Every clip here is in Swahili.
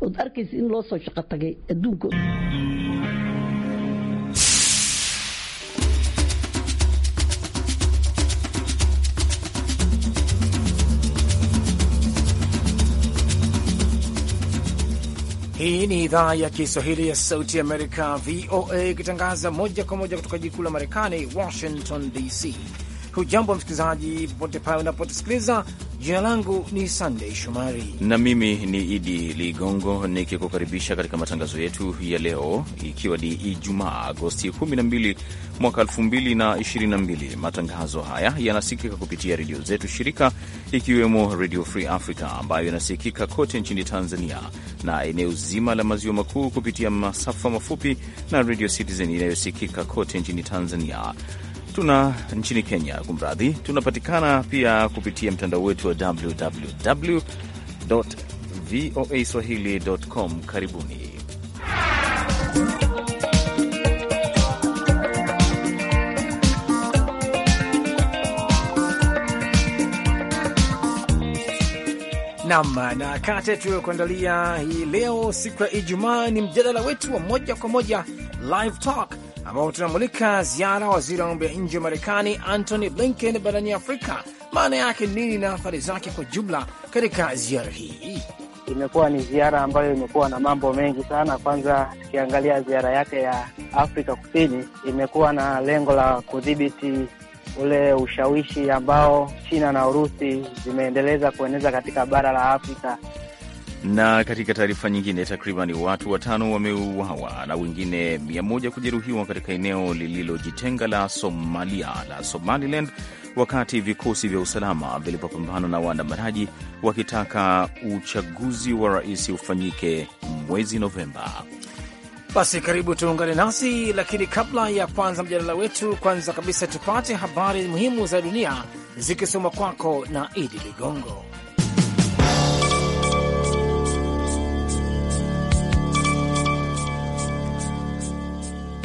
Ood arkaysa in loo soo shaqo tagay adduunka. Hii ni idhaa ya Kiswahili ya Sauti Amerika, VOA, ikitangaza moja kwa moja kutoka jikuu la Marekani, Washington DC. Hujambo msikilizaji, popote pale unapotusikiliza. Jina langu ni Sandey Shomari na mimi ni Idi Ligongo nikikukaribisha katika matangazo yetu ya leo, ikiwa ni Ijumaa Agosti 12 mwaka 2022. Matangazo haya yanasikika kupitia redio zetu shirika, ikiwemo Redio Free Africa ambayo yanasikika kote nchini Tanzania na eneo zima la maziwa makuu kupitia masafa mafupi na Redio Citizen inayosikika kote nchini Tanzania tuna nchini Kenya, kumradhi, tunapatikana pia kupitia mtandao wetu wa www voa swahili.com. Karibuni. Nam na kate tuliyokuandalia hii leo, siku ya Ijumaa, ni mjadala wetu wa moja kwa moja Live Talk ambapo tunamulika ziara waziri wa mambo ya nje wa Marekani Antony Blinken barani Afrika, maana yake nini na athari zake kwa jumla katika ziara hii. Imekuwa ni ziara ambayo imekuwa na mambo mengi sana. Kwanza tukiangalia ziara yake ya Afrika Kusini, imekuwa na lengo la kudhibiti ule ushawishi ambao China na Urusi zimeendeleza kueneza katika bara la Afrika na katika taarifa nyingine, takriban watu watano wameuawa na wengine mia moja kujeruhiwa katika eneo lililojitenga la Somalia la Somaliland wakati vikosi vya usalama vilipopambana na waandamanaji wakitaka uchaguzi wa rais ufanyike mwezi Novemba. Basi karibu tuungane nasi, lakini kabla ya kuanza mjadala wetu, kwanza kabisa tupate habari muhimu za dunia zikisoma kwako na Idi Ligongo.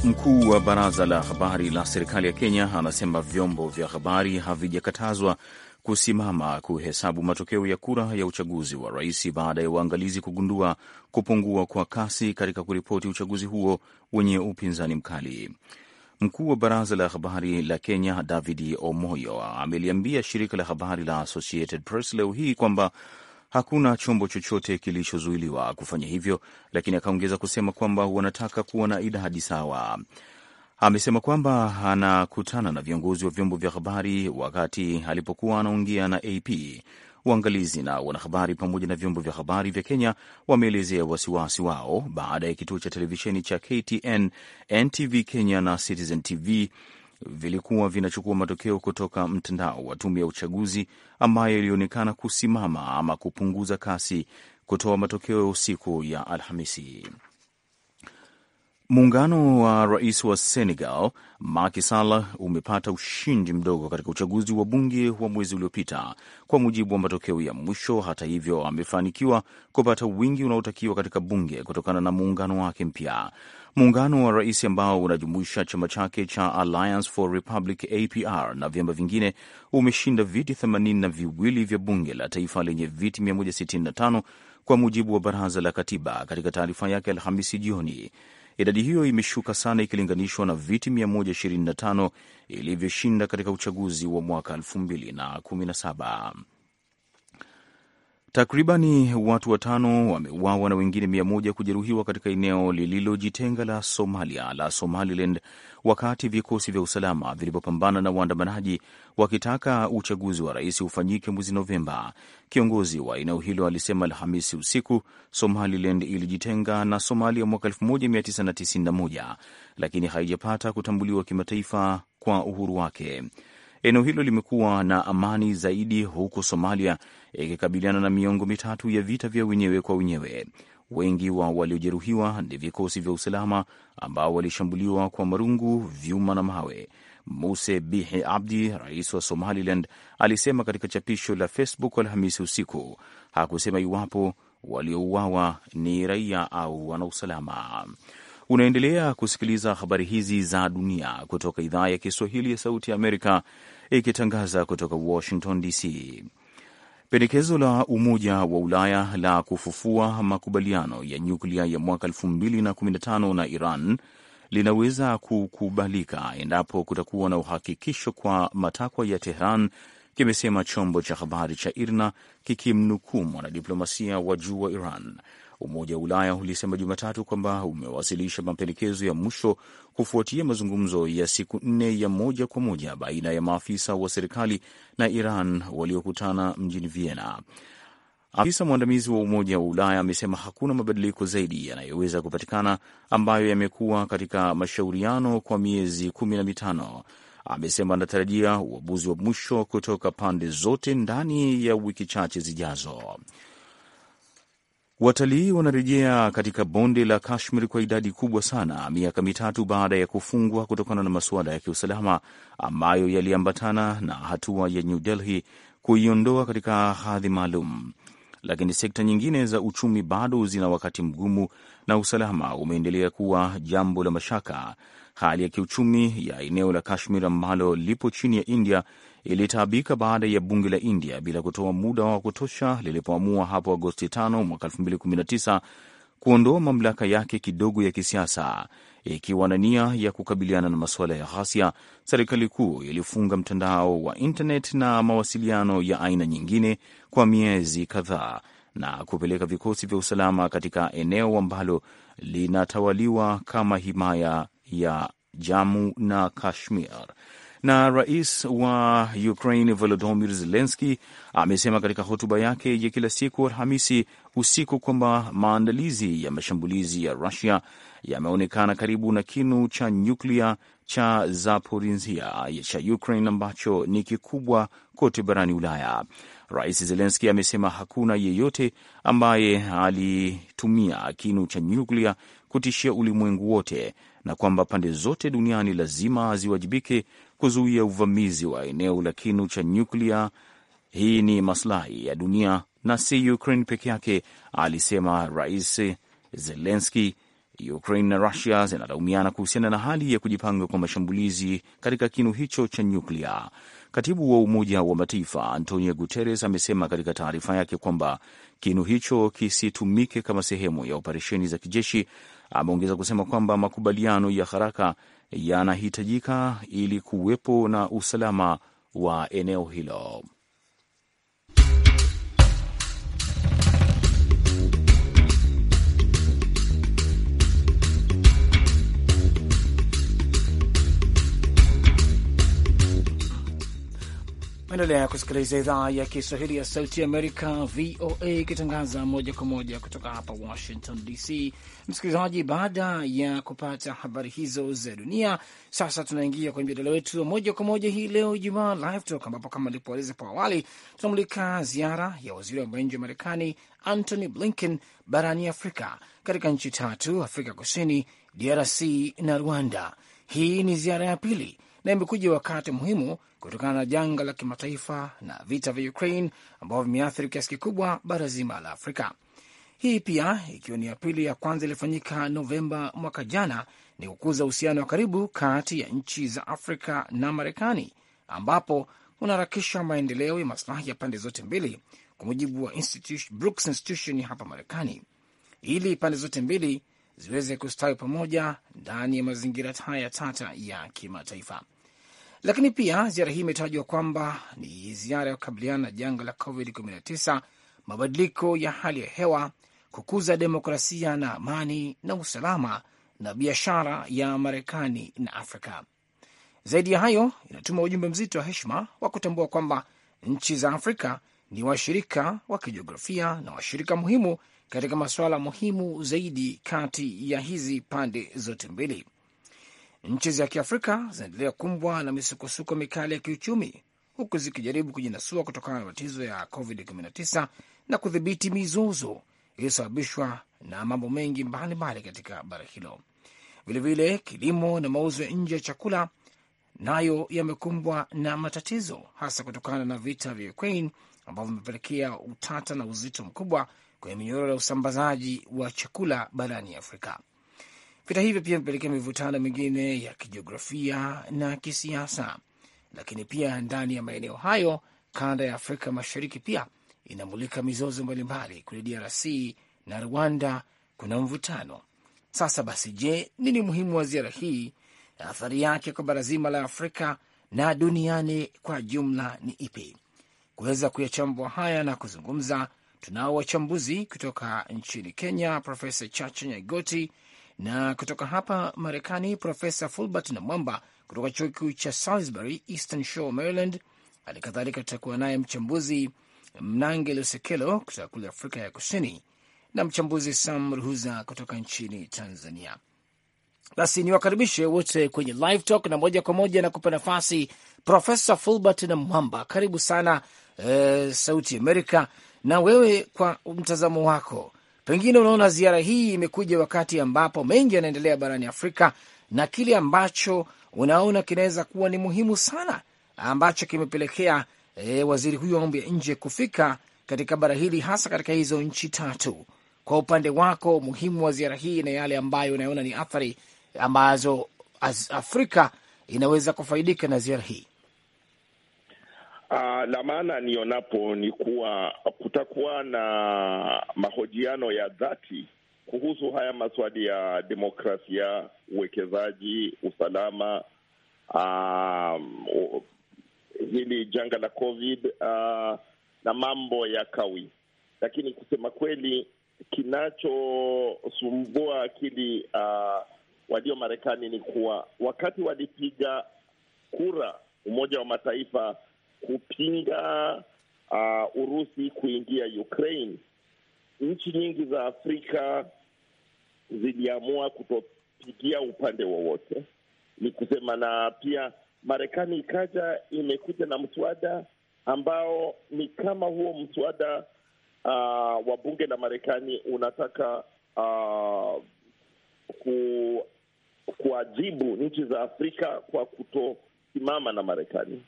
Mkuu wa baraza la habari la serikali ya Kenya anasema vyombo vya habari havijakatazwa kusimama kuhesabu matokeo ya kura ya uchaguzi wa rais baada ya waangalizi kugundua kupungua kwa kasi katika kuripoti uchaguzi huo wenye upinzani mkali. Mkuu wa baraza la habari la Kenya David Omoyo ameliambia shirika la habari la Associated Press leo hii kwamba Hakuna chombo chochote kilichozuiliwa kufanya hivyo, lakini akaongeza kusema kwamba wanataka kuwa na idadi sawa. Amesema kwamba anakutana na viongozi wa vyombo vya habari wakati alipokuwa anaongea na AP. Waangalizi na wanahabari pamoja na vyombo vya habari vya Kenya wameelezea wasiwasi wao baada ya kituo cha televisheni cha KTN, NTV Kenya na Citizen TV vilikuwa vinachukua matokeo kutoka mtandao wa tume ya uchaguzi ambayo ilionekana kusimama ama kupunguza kasi kutoa matokeo ya usiku ya Alhamisi. Muungano wa rais wa Senegal Macky Sall umepata ushindi mdogo katika uchaguzi wa bunge wa mwezi uliopita kwa mujibu wa matokeo ya mwisho. Hata hivyo, amefanikiwa kupata wingi unaotakiwa katika bunge kutokana na muungano wake mpya. Muungano wa rais ambao unajumuisha chama chake cha Alliance for Republic APR na vyama vingine umeshinda viti themanini na viwili vya bunge la taifa lenye viti 165 kwa mujibu wa baraza la katiba katika taarifa yake Alhamisi jioni. Idadi hiyo imeshuka sana ikilinganishwa na viti 125 ilivyoshinda katika uchaguzi wa mwaka 2017. Takribani watu watano wameuawa na wengine mia moja kujeruhiwa katika eneo lililojitenga la Somalia la Somaliland wakati vikosi vya usalama vilivyopambana na waandamanaji wakitaka uchaguzi wa rais ufanyike mwezi Novemba. Kiongozi wa eneo hilo alisema Alhamisi usiku Somaliland ilijitenga na Somalia mwaka 1991 lakini haijapata kutambuliwa kimataifa kwa uhuru wake. Eneo hilo limekuwa na amani zaidi, huku Somalia ikikabiliana na miongo mitatu ya vita vya wenyewe kwa wenyewe. Wengi wa waliojeruhiwa ni vikosi vya usalama ambao walishambuliwa kwa marungu, vyuma na mawe. Muse Bihi Abdi, rais wa Somaliland, alisema katika chapisho la Facebook Alhamisi usiku. Hakusema iwapo waliouawa ni raia au wanausalama. Unaendelea kusikiliza habari hizi za dunia kutoka idhaa ya Kiswahili ya Sauti ya Amerika ikitangaza kutoka Washington DC. Pendekezo la Umoja wa Ulaya la kufufua makubaliano ya nyuklia ya mwaka 2015 na Iran linaweza kukubalika endapo kutakuwa na uhakikisho kwa matakwa ya Tehran, kimesema chombo cha habari cha IRNA kikimnukuu mwanadiplomasia wa juu wa Iran. Umoja wa Ulaya ulisema Jumatatu kwamba umewasilisha mapendekezo ya mwisho kufuatia mazungumzo ya siku nne ya moja kwa moja baina ya maafisa wa serikali na Iran waliokutana mjini Vienna. Afisa mwandamizi wa Umoja wa Ulaya amesema hakuna mabadiliko zaidi yanayoweza kupatikana ambayo yamekuwa katika mashauriano kwa miezi kumi na mitano. Amesema anatarajia uamuzi wa mwisho kutoka pande zote ndani ya wiki chache zijazo. Watalii wanarejea katika bonde la Kashmir kwa idadi kubwa sana, miaka mitatu baada ya kufungwa kutokana na masuala ya kiusalama ambayo yaliambatana na hatua ya New Delhi kuiondoa katika hadhi maalum. Lakini sekta nyingine za uchumi bado zina wakati mgumu na usalama umeendelea kuwa jambo la mashaka. Hali ya kiuchumi ya eneo la Kashmir ambalo lipo chini ya India ilitaabika baada ya bunge la India bila kutoa muda wa kutosha lilipoamua hapo Agosti 5 mwaka 2019 kuondoa mamlaka yake kidogo ya kisiasa ikiwa na nia ya kukabiliana na masuala ya ghasia. Serikali kuu ilifunga mtandao wa intanet na mawasiliano ya aina nyingine kwa miezi kadhaa na kupeleka vikosi vya usalama katika eneo ambalo linatawaliwa kama himaya ya Jammu na Kashmir na rais wa Ukraine Volodymyr Zelensky amesema katika hotuba yake ya kila siku Alhamisi usiku kwamba maandalizi ya mashambulizi ya Rusia yameonekana karibu na kinu cha nyuklia cha Zaporizhia cha Ukraine ambacho ni kikubwa kote barani Ulaya. Rais Zelenski amesema hakuna yeyote ambaye alitumia kinu cha nyuklia kutishia ulimwengu wote na kwamba pande zote duniani lazima ziwajibike kuzuia uvamizi wa eneo la kinu cha nyuklia. Hii ni maslahi ya dunia na si Ukraine peke yake, alisema Rais Zelenski. Ukraine na Rusia zinalaumiana kuhusiana na hali ya kujipanga kwa mashambulizi katika kinu hicho cha nyuklia. Katibu wa Umoja wa Mataifa Antonio Guterres amesema katika taarifa yake kwamba kinu hicho kisitumike kama sehemu ya operesheni za kijeshi. Ameongeza kusema kwamba makubaliano ya haraka yanahitajika ili kuwepo na usalama wa eneo hilo. Maendelea kusikiliza idhaa ya Kiswahili ya Sauti ya Amerika, VOA, ikitangaza moja kwa moja kutoka hapa Washington DC. Msikilizaji, baada ya kupata habari hizo za dunia, sasa tunaingia kwenye mjadala wetu wa moja kwa moja hii leo, Ijumaa Live Talk, ambapo kama nilivyoeleza po awali, tunamulika ziara ya waziri wa mambo ya nje wa Marekani Antony Blinken barani Afrika, katika nchi tatu: Afrika Kusini, DRC na Rwanda. Hii ni ziara ya pili na imekuja wakati muhimu kutokana na janga la kimataifa na vita vya Ukraine ambavyo vimeathiri kiasi kikubwa bara zima la Afrika. Hii pia ikiwa ni ya pili ya kwanza iliyofanyika Novemba mwaka jana, ni kukuza uhusiano wa karibu kati ya nchi za Afrika na Marekani, ambapo unaharakisha maendeleo ya maslahi ya pande zote mbili, kwa mujibu wa institution, Brooks Institution hapa Marekani, ili pande zote mbili ziweze kustawi pamoja ndani ya mazingira haya tata ya kimataifa. Lakini pia ziara hii imetajwa kwamba ni ziara ya kukabiliana na janga la COVID-19, mabadiliko ya hali ya hewa, kukuza demokrasia na amani na usalama, na biashara ya Marekani na Afrika. Zaidi ya hayo, inatuma ujumbe mzito wa heshima wa kutambua kwamba nchi za Afrika ni washirika wa kijiografia na washirika muhimu katika masuala muhimu zaidi kati ya hizi pande zote mbili. Nchi za Kiafrika zinaendelea kumbwa na misukosuko mikali ya kiuchumi, huku zikijaribu kujinasua kutokana na matatizo ya COVID-19 na kudhibiti mizozo iliyosababishwa na mambo mengi mbalimbali katika bara hilo. Vilevile kilimo na mauzo ya nje ya chakula nayo yamekumbwa na matatizo, hasa kutokana na vita vya Ukraine ambavyo vimepelekea utata na uzito mkubwa kwenye minyororo ya usambazaji wa chakula barani Afrika. Vita hivyo pia vimepelekea mivutano mingine ya kijiografia na kisiasa, lakini pia ndani ya maeneo hayo. Kanda ya Afrika Mashariki pia inamulika mizozo mbalimbali. Kule DRC na Rwanda kuna mvutano sasa. Basi, je, nini muhimu wa ziara hii na athari yake kwa bara zima la Afrika na duniani kwa jumla ni ipi? Kuweza kuyachambua haya na kuzungumza, tunao wachambuzi kutoka nchini Kenya, Profesa Chacha Nyaigoti na kutoka hapa Marekani, Profesa Fulbert na Mwamba kutoka chuo kikuu cha Salisbury, Eastern Shore, Maryland. Hali kadhalika tutakuwa naye mchambuzi Mnange Lusekelo kutoka kule Afrika ya Kusini na mchambuzi Sam Ruhuza kutoka nchini Tanzania. Basi niwakaribishe wote kwenye Live Talk na moja kwa moja na kupa nafasi Profesa Fulbert na Mwamba, karibu sana e, Sauti Amerika. Na wewe kwa mtazamo wako Pengine unaona ziara hii imekuja wakati ambapo mengi yanaendelea barani Afrika, na kile ambacho unaona kinaweza kuwa ni muhimu sana ambacho kimepelekea e, waziri huyu wa mambo ya nje kufika katika bara hili, hasa katika hizo nchi tatu. Kwa upande wako, umuhimu wa ziara hii na yale ambayo unaona ni athari ambazo Afrika inaweza kufaidika na ziara hii. Uh, la maana nionapo ni kuwa kutakuwa na mahojiano ya dhati kuhusu haya maswali ya demokrasia, uwekezaji, usalama, uh, hili janga la COVID uh, na mambo ya kawi. Lakini kusema kweli, kinachosumbua akili uh, walio Marekani ni kuwa wakati walipiga kura Umoja wa Mataifa kupinga uh, Urusi kuingia Ukraine. Nchi nyingi za Afrika ziliamua kutopigia upande wowote, ni kusema, na pia Marekani ikaja imekuja na mswada ambao ni kama huo mswada uh, wa bunge la Marekani unataka uh, ku, kuajibu nchi za Afrika kwa kutosimama na Marekani.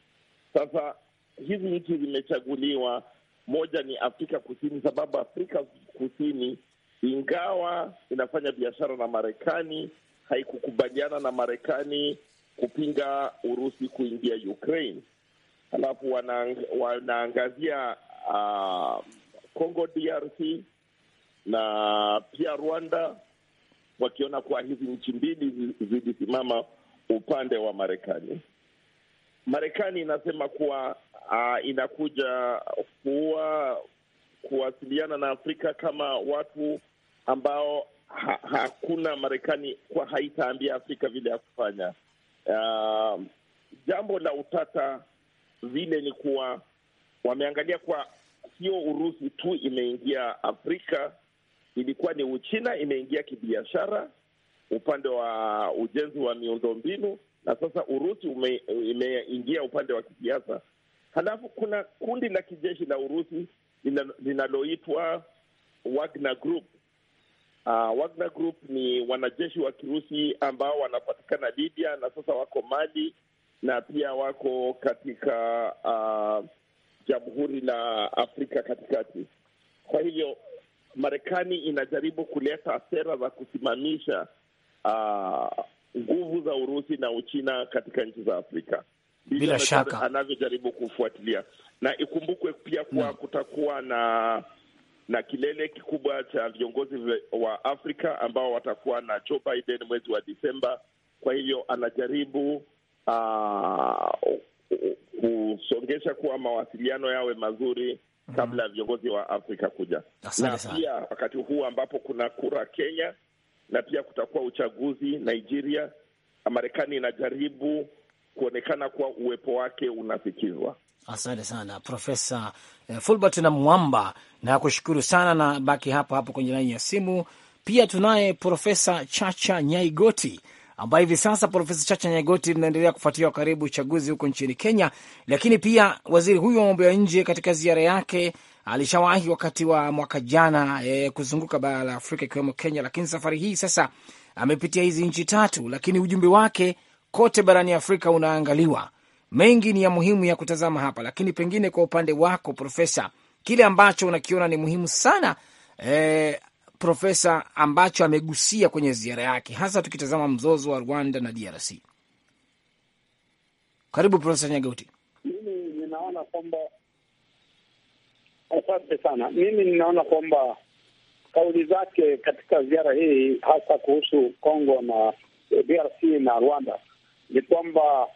Sasa hizi nchi zimechaguliwa, moja ni Afrika Kusini, sababu Afrika Kusini ingawa inafanya biashara na Marekani haikukubaliana na Marekani kupinga Urusi kuingia Ukraine. Halafu wanaang, wanaangazia uh, Congo DRC na pia Rwanda, wakiona kuwa hizi nchi mbili zilisimama upande wa Marekani. Marekani inasema kuwa uh, inakuja kuwa kuwasiliana na Afrika kama watu ambao ha, hakuna Marekani kwa haitaambia Afrika vile ya kufanya. Uh, jambo la utata vile ni kuwa wameangalia kwa sio Urusi tu imeingia Afrika, ilikuwa ni Uchina imeingia kibiashara, upande wa ujenzi wa miundombinu, na sasa Urusi ume, imeingia upande wa kisiasa. Halafu kuna kundi la kijeshi la Urusi linaloitwa Wagner Group. Uh, Wagner Group ni wanajeshi wa Kirusi ambao wanapatikana Libya na sasa wako Mali na pia wako katika uh, Jamhuri la Afrika Katikati. Kwa hivyo Marekani inajaribu kuleta sera za kusimamisha ah, nguvu uh, za Urusi na Uchina katika nchi za Afrika bila shaka anavyojaribu kufuatilia, na ikumbukwe pia kuwa kutakuwa na na kilele kikubwa cha viongozi wa Afrika ambao watakuwa na Joe Biden mwezi wa Disemba. Kwa hivyo anajaribu uh, kusongesha kuwa mawasiliano yawe mazuri mhm. kabla ya viongozi wa Afrika kuja, na pia wakati huu ambapo kuna kura Kenya na pia kutakuwa uchaguzi Nigeria, Marekani inajaribu kuonekana kuwa uwepo wake unasikizwa. Asante sana Profesa eh, Fulbert na Mwamba, na kushukuru sana na baki hapo hapo kwenye laini ya simu. Pia tunaye Profesa Chacha Nyaigoti ambaye hivi sasa, Profesa Chacha Nyaigoti, mnaendelea kufuatia kwa karibu uchaguzi huko nchini Kenya, lakini pia waziri huyu wa mambo ya nje katika ziara yake alishawahi wakati wa mwaka jana e, kuzunguka bara la Afrika ikiwemo Kenya, lakini safari hii sasa amepitia hizi nchi tatu, lakini ujumbe wake kote barani Afrika unaangaliwa. Mengi ni ya muhimu ya kutazama hapa, lakini pengine kwa upande wako Profesa, kile ambacho unakiona ni muhimu sana eh, Profesa, ambacho amegusia kwenye ziara yake, hasa tukitazama mzozo wa Rwanda na DRC. Karibu Profesa Nyagauti. Mimi ninaona kwamba, asante sana. Mimi ninaona kwamba kauli zake katika ziara hii hasa kuhusu Kongo na eh, DRC na Rwanda ni kwamba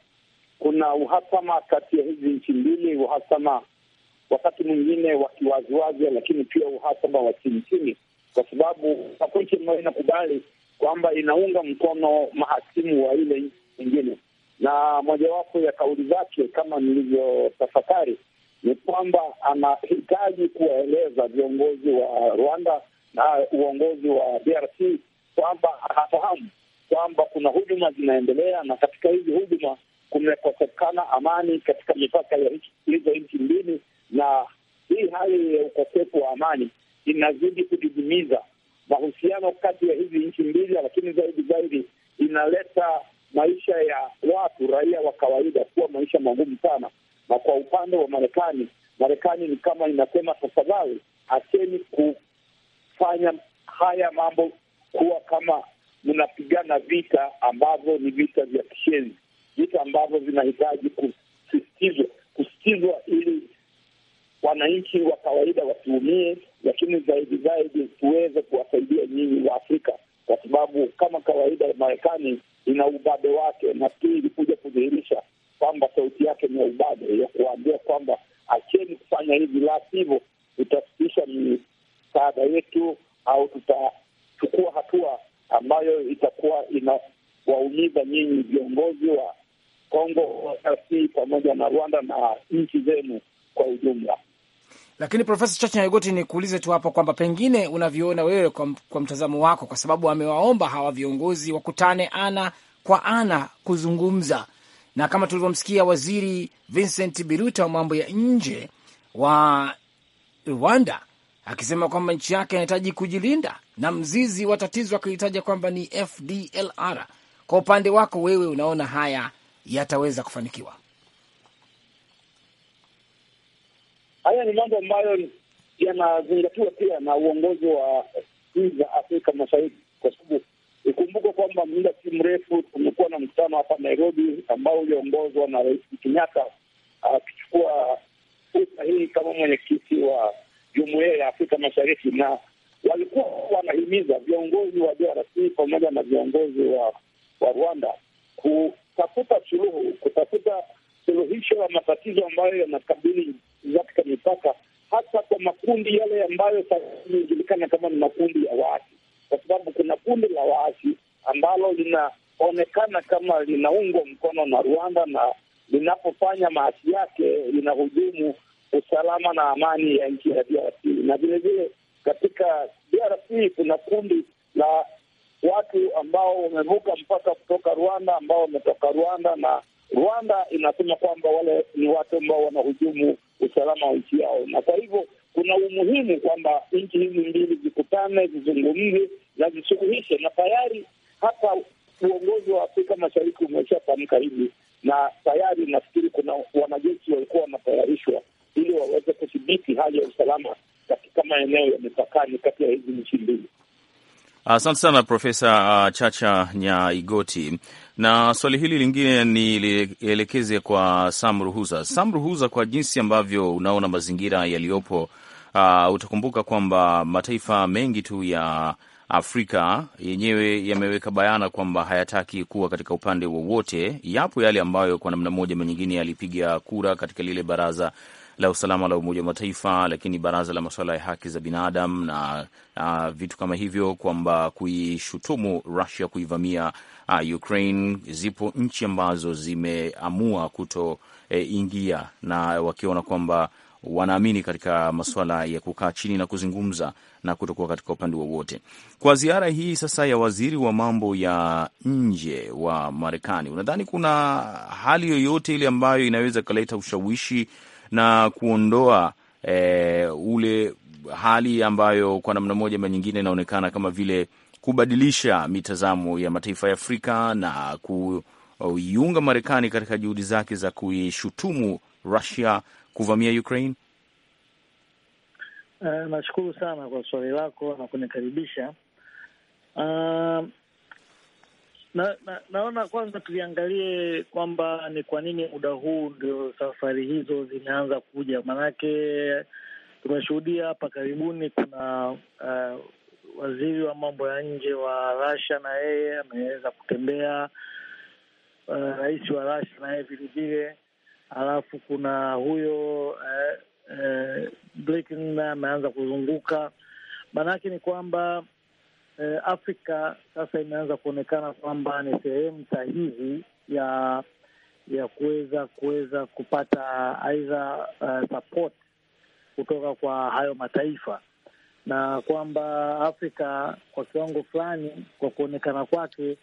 kuna uhasama kati ya hizi nchi mbili, uhasama wakati mwingine wakiwaziwazi, lakini pia uhasama wa chini chini, kwa sababu makuche nchi ambayo inakubali kwamba inaunga mkono mahasimu wa ile nchi nyingine. Na mojawapo ya kauli zake, kama nilivyotafakari, ni kwamba anahitaji kuwaeleza viongozi wa Rwanda na uongozi wa DRC kwamba anafahamu kwamba kuna huduma zinaendelea, na katika hizi huduma kumekosekana amani katika mipaka ya hizo nchi mbili, na hii hali ya ukosefu wa amani inazidi kudidimiza mahusiano kati ya hizi nchi mbili, lakini zaidi zaidi inaleta maisha ya watu raia wa kawaida kuwa maisha magumu sana. Na kwa upande wa Marekani, Marekani ni kama inasema tafadhali, acheni kufanya haya mambo kuwa kama mnapigana vita ambavyo ni vita vya kishenzi, vita ambavyo vinahitaji kusisitizwa kusitizwa ili wananchi wa kawaida wasiumie, lakini zaidi zaidi tuweze kuwasaidia nyinyi wa Afrika, kwa sababu kama kawaida Marekani ina ubabe wake, na pili ilikuja kudhihirisha kwamba sauti yake ni ya ubabe, ya kuwaambia kwamba acheni kufanya hivi, la sivyo tutasitisha misaada yetu au tutachukua hatua ambayo itakuwa inawaumiza nyinyi viongozi wa Kongo RC pamoja na Rwanda na nchi zenu kwa ujumla. Lakini Profesa Chacha Nyagoti, ni kuulize tu hapo kwamba pengine unavyoona wewe kwa, kwa mtazamo wako, kwa sababu amewaomba hawa viongozi wakutane ana kwa ana kuzungumza, na kama tulivyomsikia Waziri Vincent Biruta wa mambo ya nje wa Rwanda akisema kwamba nchi yake inahitaji kujilinda na mzizi wa tatizo akilitaja kwamba ni FDLR. Kwa upande wako wewe, unaona haya yataweza kufanikiwa? Haya ni mambo ambayo yanazingatiwa pia na uongozi wa nchi za Afrika Mashariki, kwa sababu ikumbuka kwamba muda si mrefu tumekuwa na mkutano hapa Nairobi ambao uliongozwa na Rais Kenyatta akichukua fursa hii kama mwenyekiti wa Jumuiya ya Afrika Mashariki na walikuwa wanahimiza viongozi wa DRC pamoja na viongozi wa, wa Rwanda kutafuta suluhu, kutafuta suluhisho la matatizo ambayo yanakabili katika mipaka, hasa kwa makundi yale ambayo inajulikana kama ni makundi ya waasi, kwa sababu kuna kundi la waasi ambalo linaonekana kama linaungwa mkono na Rwanda na linapofanya maasi yake linahujumu usalama na amani ya nchi ya DRC na vilevile katika DRC kuna kundi la watu ambao wamevuka mpaka kutoka Rwanda, ambao wametoka Rwanda na Rwanda inasema kwamba wale ni watu ambao wanahujumu usalama wa nchi yao, na kwa hivyo kuna umuhimu kwamba nchi hizi mbili zikutane, zizungumze na zisuluhishe, na tayari hata uongozi wa Afrika Mashariki umeshatamka hivi, na tayari nafikiri kuna wanajeshi walikuwa wanatayarishwa ili waweze kudhibiti hali ya usalama katika maeneo ya mipakani kati ya hizi nchi mbili. Asante sana Profesa uh, Chacha Nyaigoti, na swali hili lingine nilielekeze kwa Sam Ruhuza. Sam Ruhuza, kwa jinsi ambavyo unaona mazingira yaliyopo, uh, utakumbuka kwamba mataifa mengi tu ya Afrika yenyewe yameweka bayana kwamba hayataki kuwa katika upande wowote. Yapo yale ambayo kwa namna moja ama nyingine yalipiga kura katika lile baraza la usalama la Umoja wa Mataifa, lakini baraza la masuala ya haki za binadamu na uh, vitu kama hivyo, kwamba kuishutumu Russia kuivamia uh, Ukraine. Zipo nchi ambazo zimeamua kutoingia eh, na wakiona kwamba wanaamini katika masuala ya kukaa chini na kuzungumza na kutokuwa katika upande wowote. Kwa ziara hii sasa ya waziri wa mambo ya nje wa Marekani, unadhani kuna hali yoyote ile ambayo inaweza ikaleta ushawishi na kuondoa e, ule hali ambayo kwa namna moja ama nyingine inaonekana kama vile kubadilisha mitazamo ya mataifa ya Afrika na kuiunga Marekani katika juhudi zake za kuishutumu Rusia kuvamia Ukraine? Uh, nashukuru sana kwa swali lako na kunikaribisha. Uh, na, na, naona kwanza tuliangalie kwamba ni kwa nini muda huu ndio safari hizo zimeanza kuja, maanake tumeshuhudia hapa karibuni kuna uh, waziri wa mambo ya nje wa Russia na yeye ameweza kutembea uh, rais wa Russia na yeye vilevile, alafu kuna huyo uh, uh, Blinken ameanza kuzunguka, maanake ni kwamba eh, Afrika sasa imeanza kuonekana kwamba ni sehemu sahihi ya ya kuweza kuweza kupata aidha uh, eh, support kutoka kwa hayo mataifa na kwamba Afrika kwa kiwango fulani kwa kuonekana kwake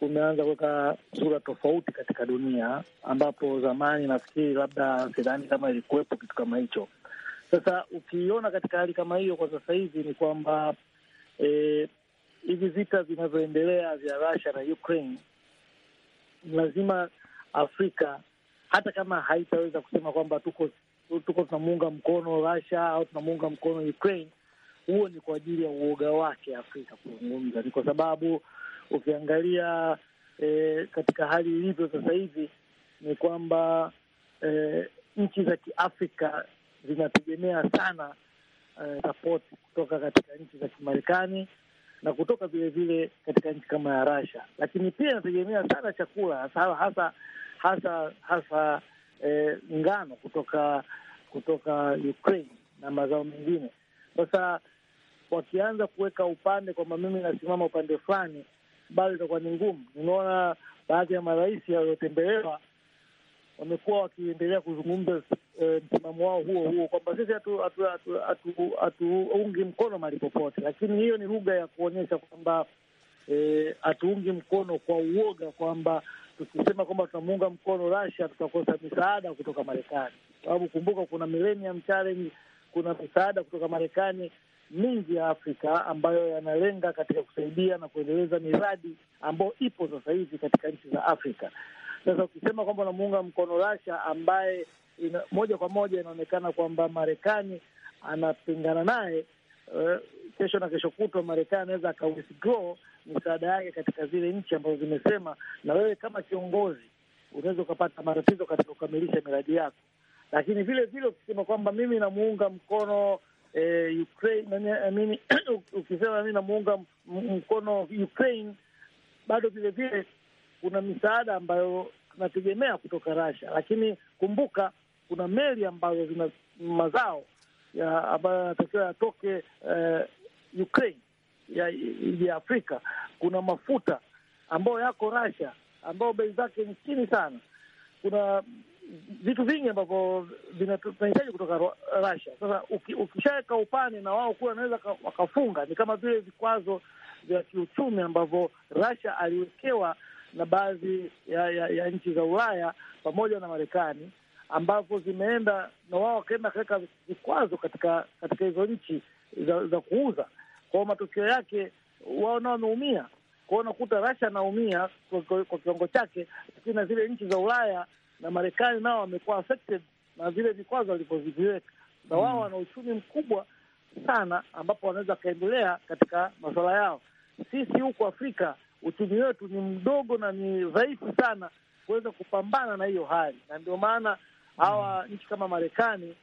umeanza kuweka sura tofauti katika dunia, ambapo zamani nafikiri labda sidhani kama ilikuwepo kitu kama hicho. Sasa ukiona katika hali kama hiyo kwa sasa hivi ni kwamba e, hivi vita vinavyoendelea vya Russia na Ukraine, lazima Afrika hata kama haitaweza kusema kwamba tuko tuko tunamuunga mkono Russia au tunamuunga mkono Ukraine, huo ni kwa ajili ya uoga wake Afrika kuzungumza. Ni kwa sababu ukiangalia eh, katika hali ilivyo sasa hivi ni kwamba eh, nchi za Kiafrika zinategemea sana eh, sapoti kutoka katika nchi za Kimarekani na kutoka vilevile katika nchi kama ya Russia, lakini pia inategemea sana chakula hasa hasa hasa, hasa eh, ngano kutoka kutoka Ukraine na mazao mengine. Sasa wakianza kuweka upande kwamba mimi nasimama upande fulani, bado itakuwa ni ngumu. Nimeona baadhi ya marais yaliyotembelewa wamekuwa wakiendelea kuzungumza eh, msimamo wao huo huo kwamba sisi hatuungi mkono mali popote, lakini hiyo ni lugha ya kuonyesha kwamba eh, hatuungi e, mkono kwa uoga kwamba tukisema kwamba tunamuunga mkono Russia tutakosa misaada kutoka Marekani, sababu kumbuka, kuna Millennium Challenge, kuna misaada kutoka Marekani mingi ya Afrika ambayo yanalenga katika kusaidia na kuendeleza miradi ambayo ipo sasa hivi katika nchi za Afrika. Sasa ukisema kwamba unamuunga mkono Russia ambaye ina, moja kwa moja inaonekana kwamba Marekani anapingana naye uh, kesho na kesho kutwa Marekani anaweza aka withdraw misaada yake katika zile nchi ambazo zimesema, na wewe kama kiongozi unaweza ukapata matatizo katika kukamilisha miradi yako. Lakini vile vile ukisema kwamba mimi namuunga mkono eh, Ukraine, ukisema mimi namuunga mkono Ukraine bado vile vile kuna misaada ambayo tunategemea kutoka rasia lakini kumbuka kuna meli ambazo zina mazao ya ambayo yanatakiwa yatoke uh, Ukraine ya, ya Afrika. Kuna mafuta ambayo yako Rasha ambayo bei zake ni chini sana. Kuna vitu vingi ambavyo vinahitaji kutoka Russia. Sasa ukishaweka upande na wao kuwa wanaweza wakafunga, ni kama vile vikwazo vya kiuchumi ambavyo Russia aliwekewa na baadhi ya, ya, ya nchi za Ulaya pamoja na Marekani ambapo zimeenda na wao wakaenda kaweka vikwazo katika katika hizo nchi za, za kuuza kwao. Matokeo yake wao nao wameumia kwao, unakuta Rasha anaumia kwa, kwa, kwa kiwango chake, lakini na zile nchi za Ulaya na Marekani nao wamekuwa affected na vile vikwazo walivyoviviweka na mm. wao wana uchumi mkubwa sana, ambapo wanaweza wakaendelea katika masuala yao. Sisi huku Afrika uchumi wetu ni mdogo na ni dhaifu sana kuweza kupambana na hiyo hali, na ndio maana hawa mm. nchi kama Marekani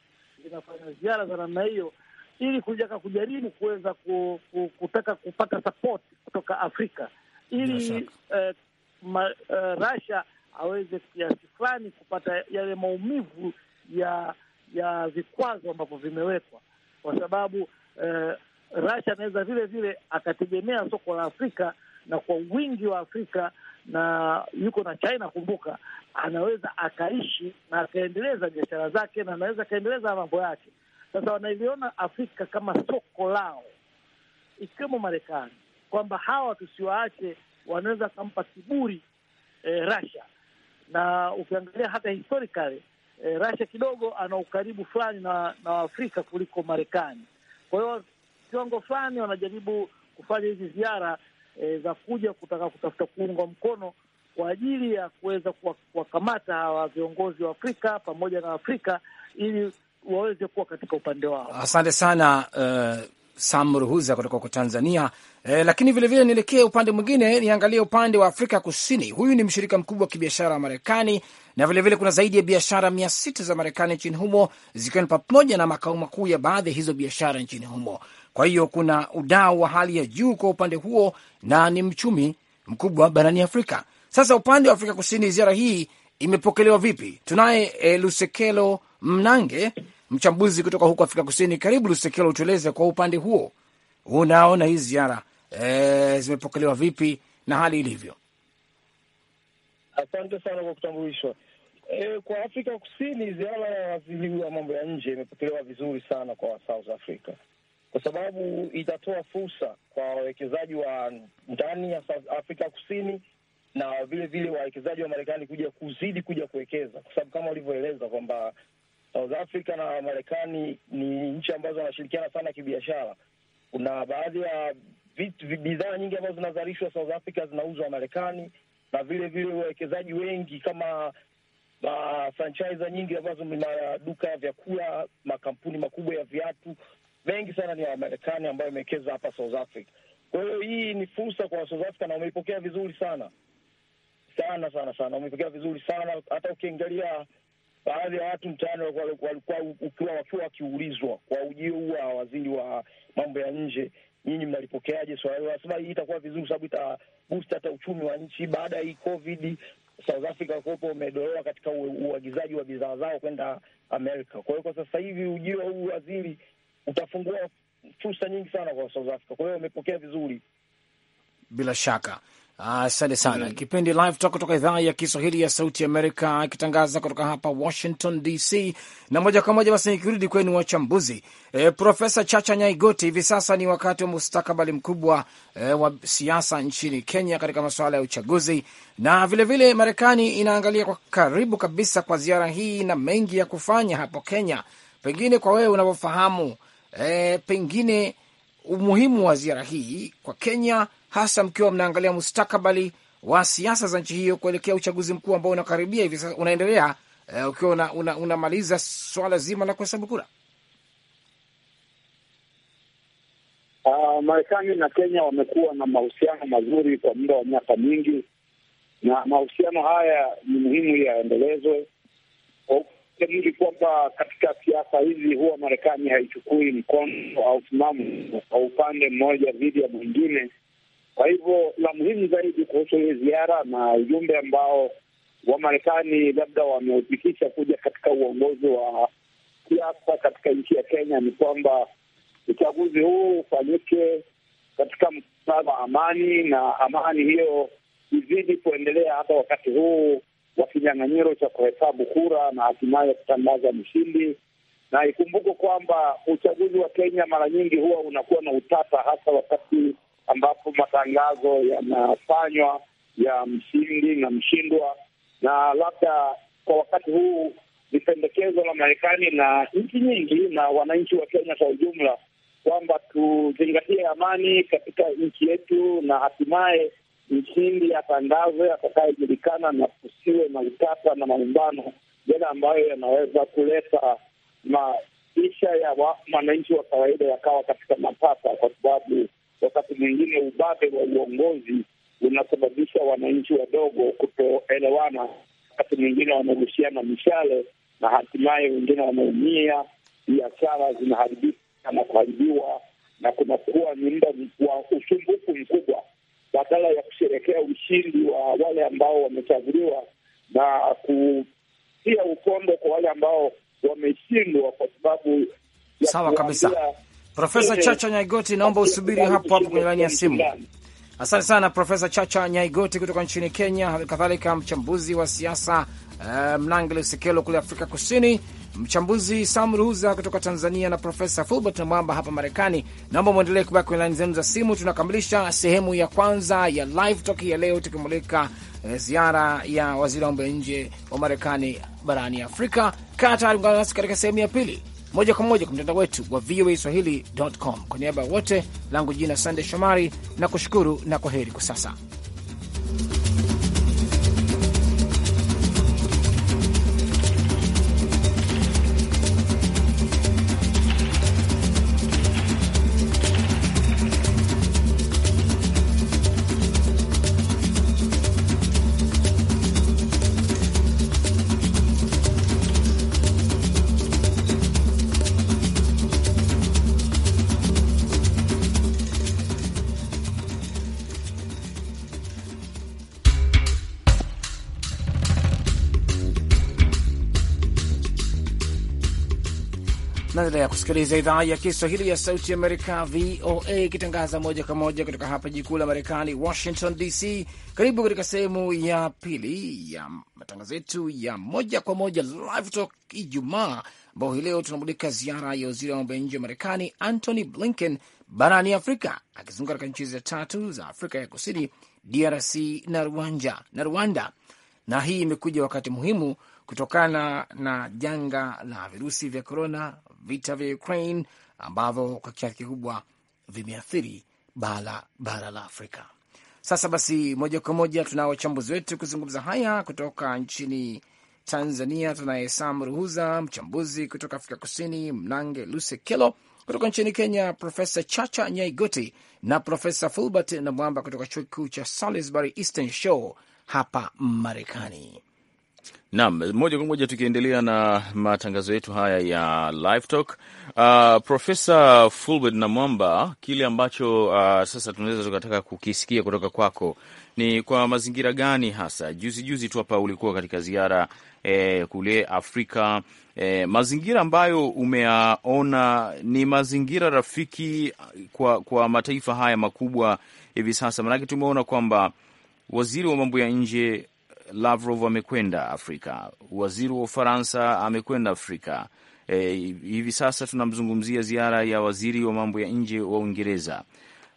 zinafanya ziara za namna hiyo ili kujaka kujaribu kuweza ku, ku, kutaka kupata support kutoka Afrika ili eh, eh, Russia aweze kiasi fulani kupata yale maumivu ya ya vikwazo ambavyo vimewekwa, kwa sababu eh, Russia anaweza vile vile akategemea soko la Afrika na kwa wingi wa Afrika na yuko na China, kumbuka, anaweza akaishi na akaendeleza biashara zake na anaweza akaendeleza mambo yake. Sasa wanaliona Afrika kama soko lao, ikiwemo Marekani, kwamba hawa tusiwaache, wanaweza akampa kiburi eh, Russia. Na ukiangalia hata historically eh, Russia kidogo ana ukaribu fulani na na Waafrika kuliko Marekani. Kwa hiyo kiwango fulani wanajaribu kufanya hizi ziara e, za kuja kutaka kutafuta kuungwa mkono kwa ajili ya kuweza kuwakamata hawa viongozi wa Afrika pamoja na Afrika ili waweze kuwa katika upande wao. Asante sana uh, Sam Ruhuza kutoka kwa Tanzania. Eh, lakini vilevile nielekee upande mwingine, niangalie upande wa Afrika Kusini. Huyu ni mshirika mkubwa wa kibiashara wa Marekani na vilevile vile kuna zaidi ya biashara mia sita za Marekani nchini humo zikiwa ni pamoja na makao makuu ya baadhi ya hizo biashara nchini humo. Kwa hiyo kuna udao wa hali ya juu kwa upande huo, na ni mchumi mkubwa barani Afrika. Sasa upande wa Afrika Kusini, ziara hii imepokelewa vipi? Tunaye e, Lusekelo Mnange, mchambuzi kutoka huko Afrika Kusini. Karibu Lusekelo, utueleze kwa upande huo unaona hii ziara e, zimepokelewa vipi na hali ilivyo. Asante sana kwa kutambulishwa. E, eh, kwa Afrika Kusini, ziara ya waziri wa mambo ya nje imepokelewa vizuri sana kwa South Africa kwa sababu itatoa fursa kwa wawekezaji wa ndani ya Afrika Kusini na vile vile wawekezaji wa Marekani kuja kuzidi kuja kuwekeza, kwa sababu kama ulivyoeleza kwamba South Africa na Marekani ni nchi ambazo wanashirikiana sana kibiashara. Kuna baadhi ya bidhaa nyingi ambazo zinazalishwa South Africa zinauzwa Marekani, na vile vile wawekezaji wengi kama uh, franchise nyingi ambazo ni maduka ya vyakula, makampuni makubwa ya viatu mengi sana ni ya Marekani ambayo imewekeza hapa South Africa. Kwa hiyo hii ni fursa kwa South Africa na wameipokea vizuri sana sana sana sana, wameipokea vizuri sana. Hata ukiangalia baadhi ya watu mtaani walikuwa ukiwa wakiwa wakiulizwa kwa ujio huu wa waziri wa mambo ya nje, nyinyi mnalipokeaje swala hilo? Wanasema hii itakuwa vizuri, sababu itaboost hata uchumi wa nchi. Baada ya hii COVID, South Africa wakuwepo wamedolewa katika uagizaji wa bidhaa zao kwenda Amerika. Kwa hiyo kwa sasa hivi ujio huu waziri utafungua fursa nyingi sana kwa South Africa. Kwa hiyo wamepokea vizuri bila shaka. Asante uh, sana mm. Kipindi Live Talk kutoka idhaa ya Kiswahili ya Sauti Amerika ikitangaza kutoka hapa Washington DC, na moja kwa moja basi nikirudi kwenu wachambuzi e, Profesa Chacha Nyaigoti, hivi sasa ni wakati wa mustakabali mkubwa e, wa siasa nchini Kenya katika masuala ya uchaguzi, na vilevile vile Marekani inaangalia kwa karibu kabisa kwa ziara hii na mengi ya kufanya hapo Kenya. Pengine kwa wewe unavyofahamu e, pengine umuhimu wa ziara hii kwa Kenya, hasa mkiwa mnaangalia mustakabali wa siasa za nchi hiyo kuelekea uchaguzi mkuu ambao unakaribia hivi sasa unaendelea, e, ukiwa una, una, unamaliza swala zima la kuhesabu kura. Uh, Marekani na Kenya wamekuwa na mahusiano mazuri kwa muda wa miaka mingi, na mahusiano haya ni muhimu yaendelezwe jamhuri kwamba katika siasa hizi huwa Marekani haichukui mkono au simamu kwa upande mmoja dhidi ya mwingine. Kwa hivyo la muhimu zaidi kuhusu hiyo ziara na ujumbe ambao Wamarekani labda wameupitisha kuja katika uongozi wa siasa katika nchi ya Kenya ni kwamba uchaguzi huu ufanyike katika mkutano wa amani, na amani hiyo izidi kuendelea hata wakati huu wa kinyang'anyiro cha kuhesabu kura na hatimaye kutangaza mshindi. Na ikumbukwe kwamba uchaguzi wa Kenya mara nyingi huwa unakuwa na utata, hasa wakati ambapo matangazo yanafanywa ya mshindi na mshindwa, na labda kwa wakati huu ni pendekezo la Marekani na nchi nyingi na wananchi wa Kenya kwa ujumla kwamba tuzingatie amani katika nchi yetu na hatimaye mshindi atangazwe atakayejulikana, na kusiwe na utata na malumbano, yale ambayo yanaweza kuleta maisha ya mwananchi wa kawaida yakawa katika matata, kwa sababu wakati mwingine ubabe wa uongozi unasababisha wananchi wadogo kutoelewana, wakati mwingine wanarushiana mishale na hatimaye wengine wanaumia, biashara zinaharibika na kuharibiwa, na kunakuwa ni muda wa usumbufu mkubwa badala ya kusherekea ushindi wa wale ambao wamechaguliwa na kutia ukombe kwa wale ambao wameshindwa kwa sababu sawa kabisa. Profesa Chacha Nyaigoti, naomba usubiri hapo hapo kwenye laini ya simu. Asante sana Profesa Chacha Nyaigoti kutoka nchini Kenya, hali kadhalika mchambuzi wa siasa uh, eh, Mnangeli Usekelo kule Afrika Kusini mchambuzi Sam Ruhuza kutoka Tanzania na Profesa Fulbert namwamba Mwamba hapa Marekani. Naomba mwendelee kubaki kwenye laini zenu za simu. Tunakamilisha sehemu ya kwanza ya Live Talk ya leo tukimulika eh, ziara ya waziri wa mambo ya nje wa Marekani barani Afrika. Kaa tayari, ungana nasi katika sehemu ya pili moja kwa moja kwa mtandao wetu wa VOA Swahili.com. Kwa niaba ya wote, langu jina sandey Shomari na kushukuru na kwa heri kwa sasa. naendelea kusikiliza idhaa ya Kiswahili ya Sauti Amerika, VOA, ikitangaza moja kwa moja kutoka hapa jiji kuu la Marekani, Washington DC. Karibu katika sehemu ya pili ya matangazo yetu ya moja kwa moja Live Talk Ijumaa, ambao hii leo tunamulika ziara ya waziri wa mambo ya nje wa Marekani Antony Blinken barani Afrika, akizunguka katika nchi za tatu za Afrika ya Kusini, DRC na Rwanda na Rwanda. Na hii imekuja wakati muhimu kutokana na janga la virusi vya korona vita vya Ukraine ambavyo kwa kiasi kikubwa vimeathiri bara la Afrika. Sasa basi, moja kwa moja tunao wachambuzi wetu kuzungumza haya. Kutoka nchini Tanzania tunaye Sam Ruhuza, mchambuzi kutoka Afrika Kusini, Mnange luse kelo kutoka nchini Kenya, Profesa Chacha Nyaigoti na Profesa Fulbert na Mwamba kutoka chuo kikuu cha Salisbury Eastern Shore hapa Marekani. Naam, moja kwa moja tukiendelea na matangazo yetu haya ya Live Talk. Uh, Profesa Fulbert na Mwamba, kile ambacho uh, sasa tunaweza tukataka kukisikia kutoka kwako ni kwa mazingira gani hasa, juzi juzi tu hapa ulikuwa katika ziara eh, kule Afrika eh, mazingira ambayo umeyaona ni mazingira rafiki kwa, kwa mataifa haya makubwa hivi sasa? Maanake tumeona kwamba waziri wa mambo ya nje Lavrov amekwenda Afrika, waziri wa Ufaransa amekwenda Afrika. E, hivi sasa tunamzungumzia ziara ya waziri wa mambo ya nje wa Uingereza.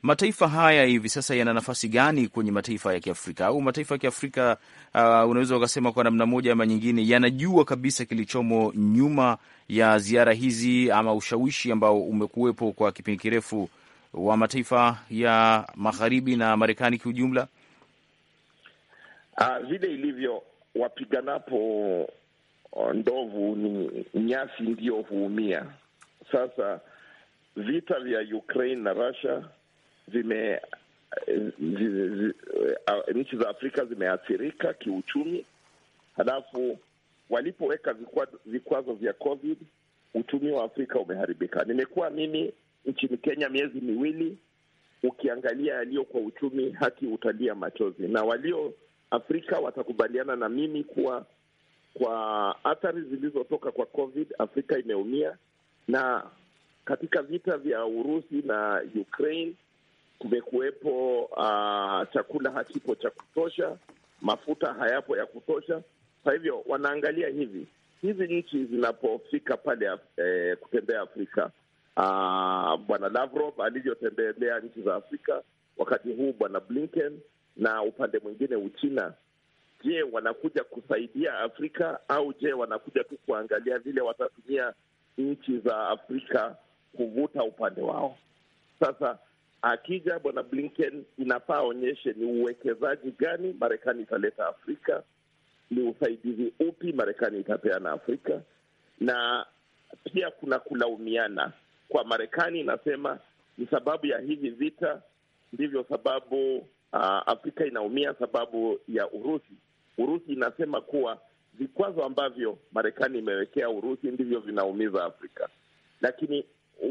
Mataifa haya hivi sasa yana nafasi gani kwenye mataifa ya Kiafrika au mataifa ya Kiafrika? Uh, unaweza ukasema kwa namna moja ama nyingine yanajua kabisa kilichomo nyuma ya ziara hizi ama ushawishi ambao umekuwepo kwa kipindi kirefu wa mataifa ya magharibi na Marekani kiujumla. Ah, vile ilivyo wapiganapo ndovu ni nyasi ndiyo huumia. Sasa vita vya Ukraine na Russia vime eh, nchi za Afrika zimeathirika kiuchumi, halafu walipoweka vikwazo vya COVID uchumi wa Afrika umeharibika. Nimekuwa mimi nchini Kenya miezi miwili, ukiangalia yaliyo kwa uchumi haki utalia machozi, na walio Afrika watakubaliana na mimi kuwa kwa athari zilizotoka kwa COVID, Afrika imeumia, na katika vita vya Urusi na Ukraine kumekuwepo uh, chakula hakipo cha kutosha, mafuta hayapo ya kutosha. Kwa hivyo wanaangalia hivi hizi nchi zinapofika pale eh, kutembea Afrika. Uh, Bwana Lavrov alivyotembelea nchi za Afrika, wakati huu Bwana Blinken na upande mwingine Uchina. Je, wanakuja kusaidia Afrika au je, wanakuja tu kuangalia vile watatumia nchi za Afrika kuvuta upande wao? Sasa akija bwana Blinken, inafaa aonyeshe ni uwekezaji gani Marekani italeta Afrika, ni usaidizi upi Marekani itapeana Afrika, na pia kuna kulaumiana kwa Marekani. Inasema ni sababu ya hivi vita, ndivyo sababu uh, Afrika inaumia sababu ya Urusi. Urusi inasema kuwa vikwazo ambavyo Marekani imewekea Urusi ndivyo vinaumiza Afrika, lakini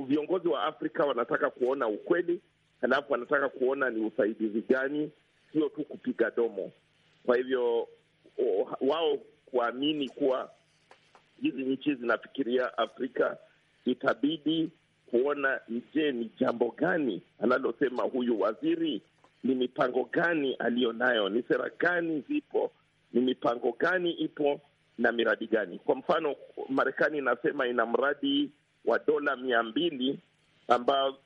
viongozi wa Afrika wanataka kuona ukweli, halafu wanataka kuona ni usaidizi gani, sio tu kupiga domo. Kwa hivyo wao kuamini kuwa hizi nchi zinafikiria Afrika, itabidi kuona, je, ni jambo gani analosema huyu waziri ni mipango gani aliyo nayo ni sera gani zipo, ni mipango gani ipo na miradi gani. Kwa mfano, Marekani inasema ina mradi wa dola mia mbili ambao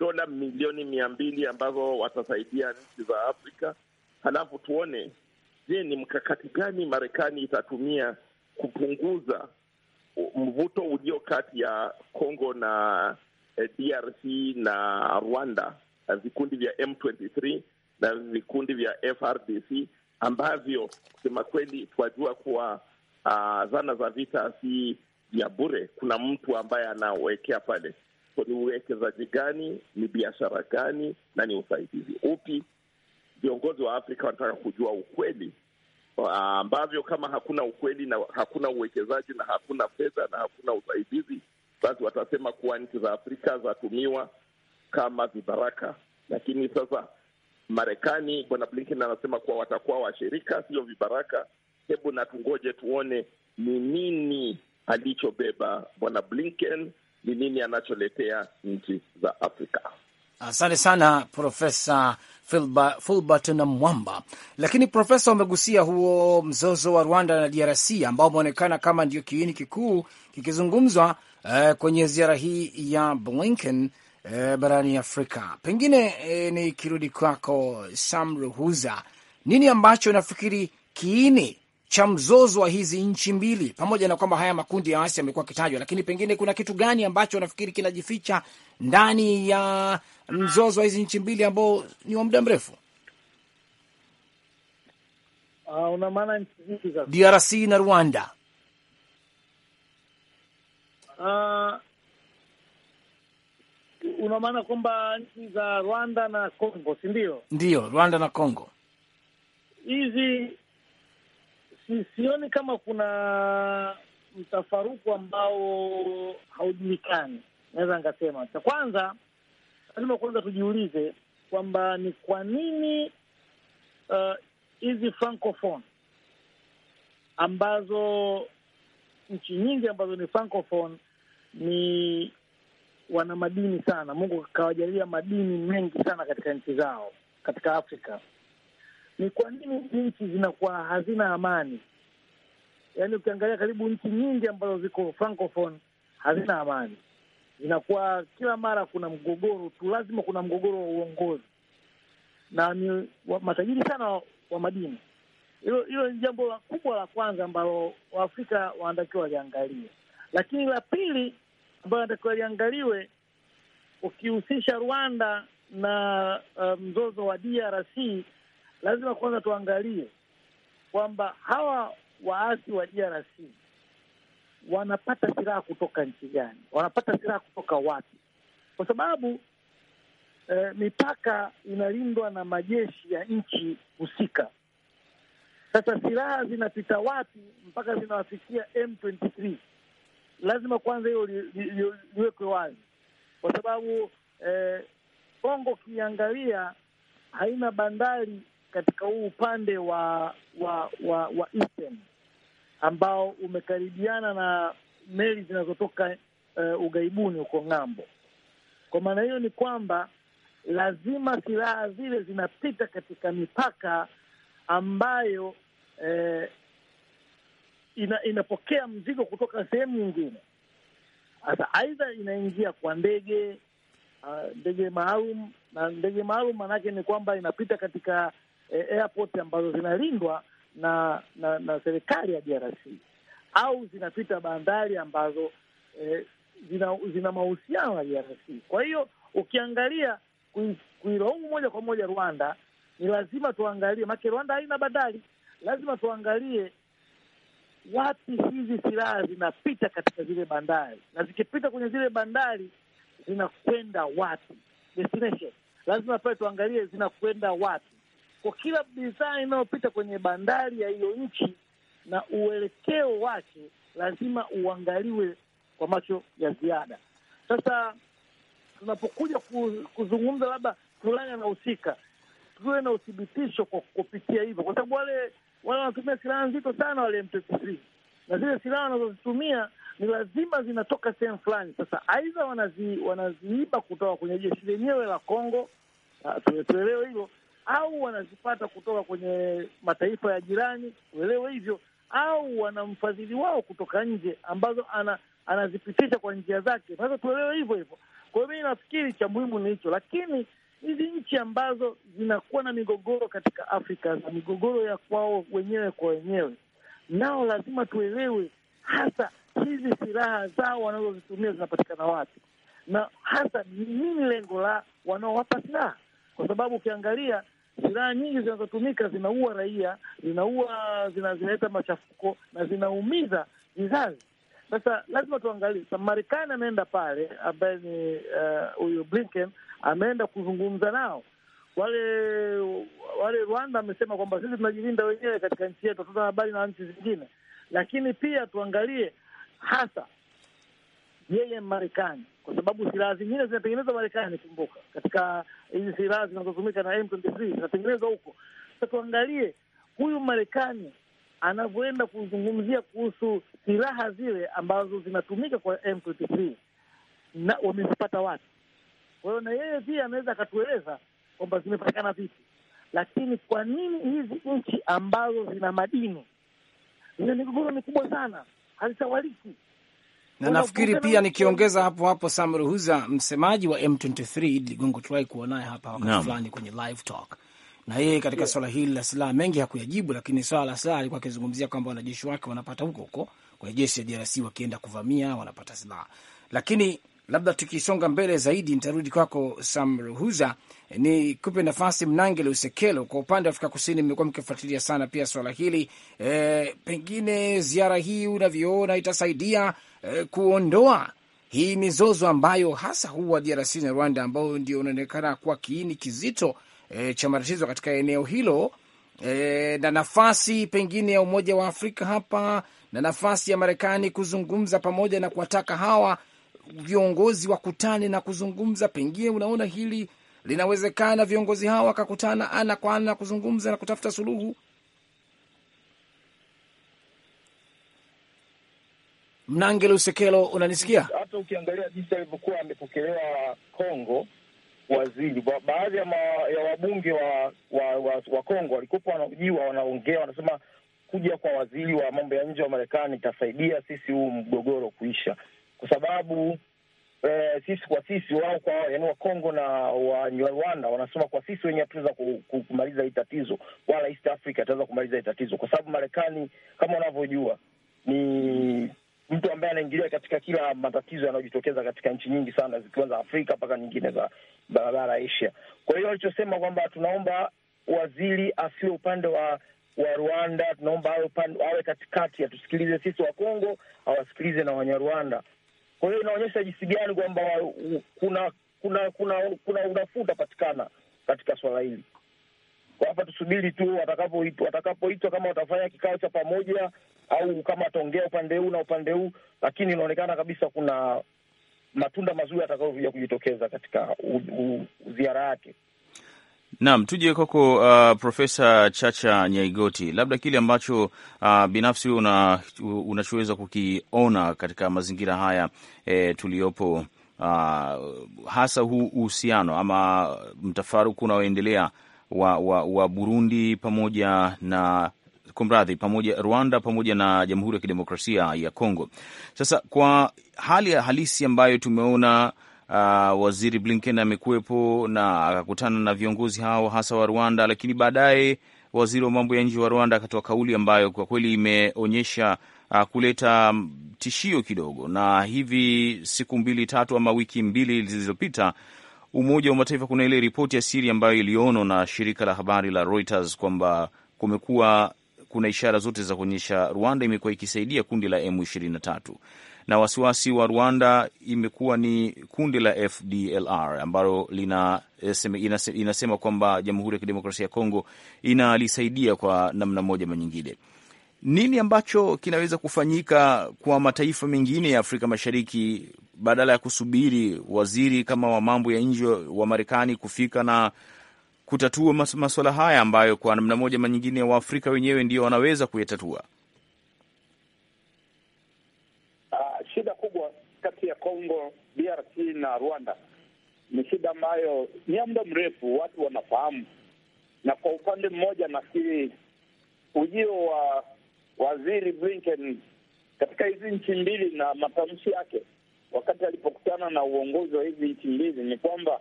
dola milioni mia mbili ambazo watasaidia nchi za Afrika. Halafu tuone, je, ni mkakati gani Marekani itatumia kupunguza mvuto ulio kati ya congo na eh, DRC na Rwanda vikundi vya M23 na vikundi vya FRDC ambavyo kusema kweli twajua kuwa uh, zana za vita si ya bure. Kuna mtu ambaye anawekea pale, so ni uwekezaji gani, ni biashara gani na ni usaidizi upi? Viongozi wa Afrika wanataka kujua ukweli ah, ambavyo, kama hakuna ukweli na hakuna uwekezaji na hakuna fedha na hakuna usaidizi, basi watasema kuwa nchi za Afrika zatumiwa kama vibaraka, lakini sasa Marekani, bwana Blinken anasema kuwa watakuwa washirika, sio vibaraka. Hebu na tungoje tuone ni nini alichobeba bwana Blinken, ni nini anacholetea nchi za Afrika. Asante sana Profesa Fulbert na Mwamba. Lakini Profesa, umegusia huo mzozo wa Rwanda na DRC ambao umeonekana kama ndio kiini kikuu kikizungumzwa eh, kwenye ziara hii ya Blinken e, barani Afrika. Pengine e, nikirudi kwako Sam Ruhuza, nini ambacho nafikiri kiini cha mzozo wa hizi nchi mbili, pamoja na kwamba haya makundi ya wasi yamekuwa kitajwa lakini pengine kuna kitu gani ambacho nafikiri kinajificha ndani ya mzozo wa hizi nchi mbili ambao ni wa muda mrefu? Uh, una maana DRC na Rwanda? Ah, una maana kwamba nchi za Rwanda na Congo, si ndio? Ndio, Rwanda na Congo hizi si, sioni kama kuna mtafaruku ambao haujulikani. Naweza nikasema cha kwanza, lazima kwanza tujiulize kwamba ni kwa nini uh, hizi uh, francophone ambazo nchi nyingi ambazo ni francophone ni wana madini sana. Mungu akawajalia madini mengi sana katika nchi zao, katika Afrika. Ni kwa nini nchi zinakuwa hazina amani? Yaani ukiangalia karibu nchi nyingi ambazo ziko francophone hazina amani, zinakuwa kila mara kuna mgogoro tu, lazima kuna mgogoro wa uongozi na ni matajiri sana wa, wa madini. Hilo hilo ni jambo kubwa la kwanza ambalo Waafrika wanatakiwa waliangalia, lakini la pili ambayo anatakiwa liangaliwe ukihusisha Rwanda na uh, mzozo wa DRC, lazima kwanza tuangalie kwamba hawa waasi wa DRC wanapata silaha kutoka nchi gani? Wanapata silaha kutoka wapi? Kwa sababu eh, mipaka inalindwa na majeshi ya nchi husika. Sasa silaha zinapita wapi mpaka zinawafikia M23? lazima kwanza hiyo liwekwe wazi, kwa sababu eh, Kongo ukiangalia haina bandari katika huu upande wa wa wa, wa eastern ambao umekaribiana na meli zinazotoka uh, ughaibuni huko ng'ambo. Kwa maana hiyo ni kwamba lazima silaha zile zinapita katika mipaka ambayo eh, ina, inapokea mzigo kutoka sehemu nyingine. Sasa aidha inaingia kwa ndege uh, ndege maalum na ndege maalum maanake ni kwamba inapita katika eh, airport ambazo zinalindwa na na, na serikali ya DRC au zinapita bandari ambazo eh, zina, zina mahusiano na DRC. Kwa hiyo ukiangalia kuilaumu moja kwa moja Rwanda ni lazima tuangalie, maana Rwanda haina bandari, lazima tuangalie wapi hizi silaha zinapita katika zile bandari, na zikipita kwenye zile bandari zinakwenda wapi? Destination lazima pale tuangalie zinakwenda wapi, kwa kila bidhaa inayopita kwenye bandari ya hiyo nchi, na uelekeo wake lazima uangaliwe kwa macho ya ziada. Sasa tunapokuja kuzungumza, labda fulani anahusika, tuwe na uthibitisho kwa kupitia hivyo, kwa sababu wale wala wanatumia silaha nzito sana wale M23, na zile silaha wanazozitumia ni lazima zinatoka sehemu fulani. Sasa aidha wanazi, wanaziiba kutoka kwenye jeshi lenyewe la Kongo, tuelewe hilo, au wanazipata kutoka kwenye mataifa ya jirani, tuelewe hivyo, au wana mfadhili wao kutoka nje ambazo ana, anazipitisha kwa njia zake, nazo tuelewe hivyo hivyo. Kwa hiyo nafikiri cha muhimu ni hicho, lakini hizi nchi ambazo zinakuwa na migogoro katika Afrika na migogoro ya kwao wenyewe kwa wenyewe, nao lazima tuelewe hasa hizi silaha zao wanazozitumia zinapatikana wapi na hasa ni nini lengo la wanaowapa silaha, kwa sababu ukiangalia silaha nyingi zinazotumika zinaua raia, zinaua, zinaleta machafuko na zinaumiza vizazi. Sasa lazima tuangalie sasa, Marekani ameenda pale, ambaye ni uh, huyu uh, Blinken ameenda kuzungumza nao wale wale. Rwanda amesema kwamba sisi tunajilinda wenyewe katika nchi yetu, hatuna habari na nchi zingine, lakini pia tuangalie hasa yeye Marekani, kwa sababu silaha zingine zinatengenezwa Marekani. Kumbuka katika hizi silaha zinazotumika na M23 zinatengenezwa huko. Sasa tuangalie huyu Marekani anavyoenda kuzungumzia kuhusu silaha zile ambazo zinatumika kwa M23 na wamezipata wapi. Kwa hiyo na yeye pia anaweza akatueleza kwamba zimepatikana vipi, lakini kwa nini hizi nchi ambazo zina madini zina migogoro mikubwa sana hazitawaliki na nafikiri pia nikiongeza hapo hapo, samruhuza msemaji wa M23 Ligongo, tuwahi kuwa naye hapa wakati fulani kwenye live talk, na yeye katika yeah, swala hili la silaha mengi hakuyajibu, lakini swala la silaha alikuwa akizungumzia kwamba wanajeshi wake wanapata huko huko kwenye jeshi ya DRC wakienda kuvamia wanapata silaha. Lakini labda tukisonga mbele zaidi, nitarudi kwako Sam Ruhuza, ni kupe nafasi Mnangele Usekelo, kwa upande wa Afrika Kusini mmekuwa mkifuatilia sana pia swala hili e, pengine ziara hii unavyoona itasaidia e, kuondoa hii mizozo ambayo hasa huwa DRC na Rwanda, ambao ndio unaonekana kuwa kiini kizito e, cha matatizo katika eneo hilo e, na nafasi pengine ya Umoja wa Afrika hapa na nafasi ya Marekani kuzungumza pamoja na kuwataka hawa viongozi wakutane na kuzungumza. Pengine unaona hili linawezekana, viongozi hawa wakakutana ana kwa ana kuzungumza na kutafuta suluhu. Mnangelo Sekelo, unanisikia? Hata ukiangalia jinsi alivyokuwa amepokelewa Kongo waziri. Baadhi ya, ma, ya wabunge wa, wa, wa, wa Kongo walikuwa wanaojiwa wanaongea wanasema kuja kwa waziri wa mambo ya nje wa Marekani itasaidia sisi huu mgogoro kuisha, kwa sababu e, sisi kwa sisi wao kwa yaani Wakongo na Wanyarwanda wanasema kwa sisi wenyewe hatutaweza kumaliza hii tatizo, wala East Africa ataweza kumaliza hii tatizo, kwa sababu Marekani kama unavyojua ni mtu ambaye anaingilia katika kila matatizo yanayojitokeza katika nchi nyingi sana zikiwa za Afrika mpaka nyingine za barabara ya Asia. Kwa hiyo walichosema kwamba tunaomba waziri asiwe upande wa wa Rwanda, tunaomba awe awe katikati, atusikilize sisi wa Kongo, awasikilize na Wanyarwanda. Kwa hiyo inaonyesha jinsi gani kwamba kuna kuna kuna kuna unafuu utapatikana katika swala hili hapa tusubiri tu watakapoitwa, watakapoitwa kama watafanya kikao cha pamoja au kama wataongea upande huu na upande huu, lakini inaonekana kabisa kuna matunda mazuri atakayokuja kujitokeza katika ziara yake. Naam, tuje kwako uh, Profesa Chacha Nyaigoti, labda kile ambacho uh, binafsi una unachoweza kukiona katika mazingira haya eh, tuliyopo, uh, hasa huu uhusiano ama mtafaruku unaoendelea wa, wa, wa Burundi pamoja na kumradhi, pamoja Rwanda pamoja na Jamhuri ya Kidemokrasia ya Kongo. Sasa kwa hali ya halisi ambayo tumeona Uh, Waziri Blinken amekuwepo na akakutana na viongozi hao hasa wa Rwanda, lakini baadaye waziri wa mambo ya nje wa Rwanda akatoa kauli ambayo kwa kweli imeonyesha uh, kuleta tishio kidogo, na hivi siku mbili tatu ama wiki mbili zilizopita Umoja wa Mataifa, kuna ile ripoti ya siri ambayo ilionwa na shirika la habari la Reuters kwamba kumekuwa kuna ishara zote za kuonyesha Rwanda imekuwa ikisaidia kundi la M23 na wasiwasi wa Rwanda imekuwa ni kundi la FDLR ambalo lina inasema kwamba Jamhuri ya Kidemokrasia ya Kongo inalisaidia kwa namna moja ama nyingine. Nini ambacho kinaweza kufanyika kwa mataifa mengine ya Afrika Mashariki badala ya kusubiri waziri kama wa mambo ya nje wa Marekani kufika na kutatua mas maswala haya ambayo kwa namna moja ama nyingine Waafrika wenyewe ndio wanaweza kuyatatua? Uh, shida kubwa kati ya Congo DRC na Rwanda ni shida ambayo ni ya muda mrefu, watu wanafahamu, na kwa upande mmoja nafikiri ujio wa waziri Blinken katika hizi nchi mbili na matamshi yake wakati alipokutana na uongozi wa hizi nchi mbili ni kwamba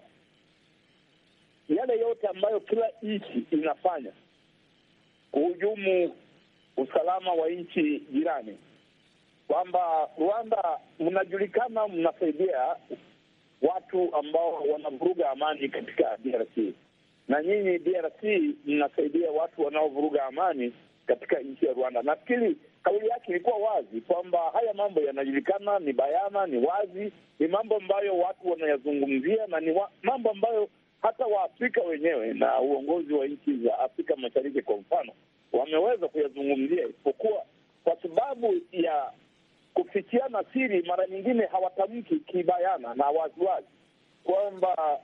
yale yote ambayo kila nchi inafanya kuhujumu usalama wa nchi jirani, kwamba Rwanda mnajulikana mnasaidia watu ambao wanavuruga amani katika DRC na nyinyi DRC mnasaidia watu wanaovuruga amani katika nchi ya Rwanda. Nafikiri kauli yake ilikuwa wazi kwamba haya mambo yanajulikana, ni bayana, ni wazi, ni mambo ambayo watu wanayazungumzia na ni wa, mambo ambayo hata Waafrika wenyewe na uongozi wa nchi za Afrika Mashariki kwa mfano wameweza kuyazungumzia, isipokuwa kwa sababu ya kufichiana siri, mara nyingine hawatamki kibayana na waziwazi kwamba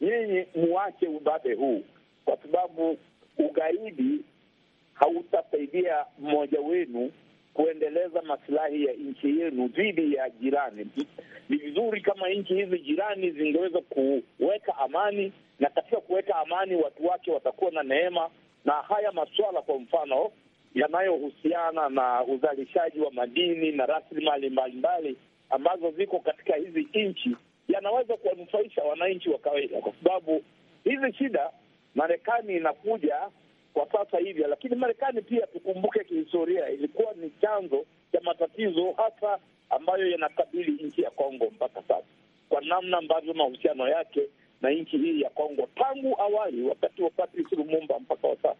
nyinyi muache ubabe huu, kwa sababu ugaidi hautasaidia mmoja wenu kuendeleza masilahi ya nchi yenu dhidi ya jirani. Ni vizuri kama nchi hizi jirani zingeweza kuweka amani, na katika kuweka amani watu wake watakuwa na neema, na haya masuala kwa mfano yanayohusiana na uzalishaji wa madini na rasilimali mbalimbali ambazo ziko katika hizi nchi yanaweza kuwanufaisha wananchi wa kawaida, kwa sababu hizi shida Marekani inakuja kwa sasa hivyo. Lakini Marekani pia tukumbuke, kihistoria ilikuwa ni chanzo cha matatizo hasa ambayo yanakabili nchi ya Kongo mpaka sasa, kwa namna ambavyo mahusiano yake na nchi hii ya Kongo tangu awali, wakati wa Patrice Lumumba mpaka wa sasa,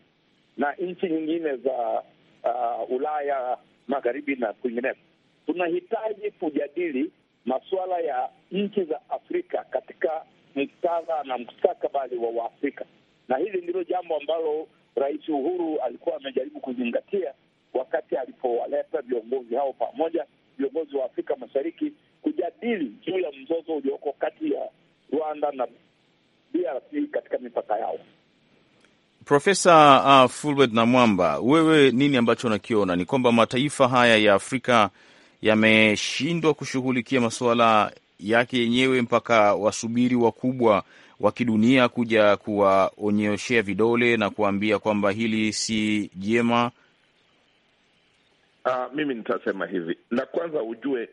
na nchi nyingine za uh, Ulaya magharibi na kwingineko. Tunahitaji kujadili masuala ya nchi za Afrika katika muktadha na mustakabali wa Waafrika, na hili ndilo jambo ambalo Rais Uhuru alikuwa amejaribu kuzingatia wakati alipowaleta viongozi hao pamoja, viongozi wa Afrika Mashariki kujadili juu ya mzozo ulioko kati ya Rwanda na DRC katika mipaka yao. Profesa uh, Fulbert na Mwamba, wewe nini ambacho unakiona ni kwamba mataifa haya ya Afrika yameshindwa kushughulikia masuala yake yenyewe mpaka wasubiri wakubwa wa kidunia kuja kuwaonyeshea vidole na kuwaambia kwamba hili si jema? Uh, mimi nitasema hivi, la kwanza ujue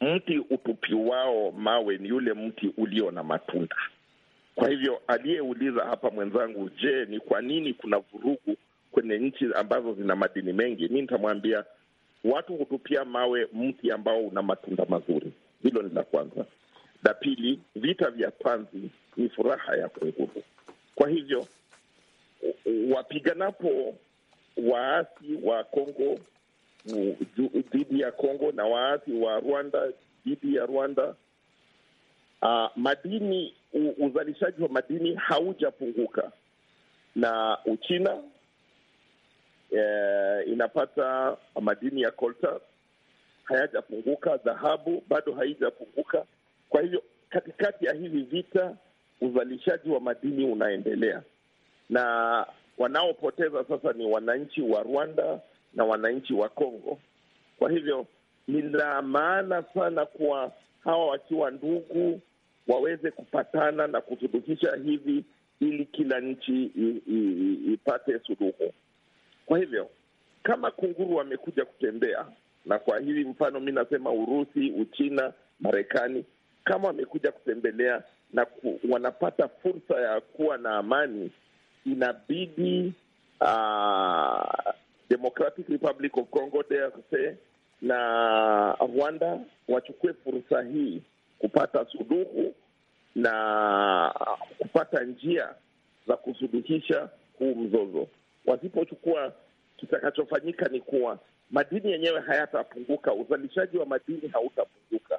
mti utupi wao mawe ni yule mti ulio na matunda. Kwa hivyo aliyeuliza hapa mwenzangu, je, ni kwa nini kuna vurugu kwenye nchi ambazo zina madini mengi? Mi nitamwambia watu hutupia mawe mti ambao una matunda mazuri. Hilo ni la kwanza. La pili, vita vya panzi ni furaha ya kunguru. Kwa hivyo wapiganapo waasi wa Kongo dhidi ya Kongo na waasi wa Rwanda dhidi ya Rwanda, uh, madini uzalishaji wa madini haujapunguka na Uchina eh, inapata madini ya kolta hayajapunguka, dhahabu bado haijapunguka. Kwa hivyo katikati ya hivi vita, uzalishaji wa madini unaendelea na wanaopoteza sasa ni wananchi wa Rwanda na wananchi wa Kongo. Kwa hivyo ni la maana sana kuwa hawa wakiwa ndugu waweze kupatana na kusuluhisha hivi, ili kila nchi ipate suluhu. Kwa hivyo kama kunguru wamekuja kutembea, na kwa hivi mfano mi nasema Urusi, Uchina, Marekani kama wamekuja kutembelea na ku, wanapata fursa ya kuwa na amani, inabidi uh, Democratic Republic of Congo DRC na Rwanda wachukue fursa hii kupata suluhu na kupata njia za kusuluhisha huu mzozo. Wasipochukua, kitakachofanyika ni kuwa madini yenyewe hayatapunguka, uzalishaji wa madini hautapunguka,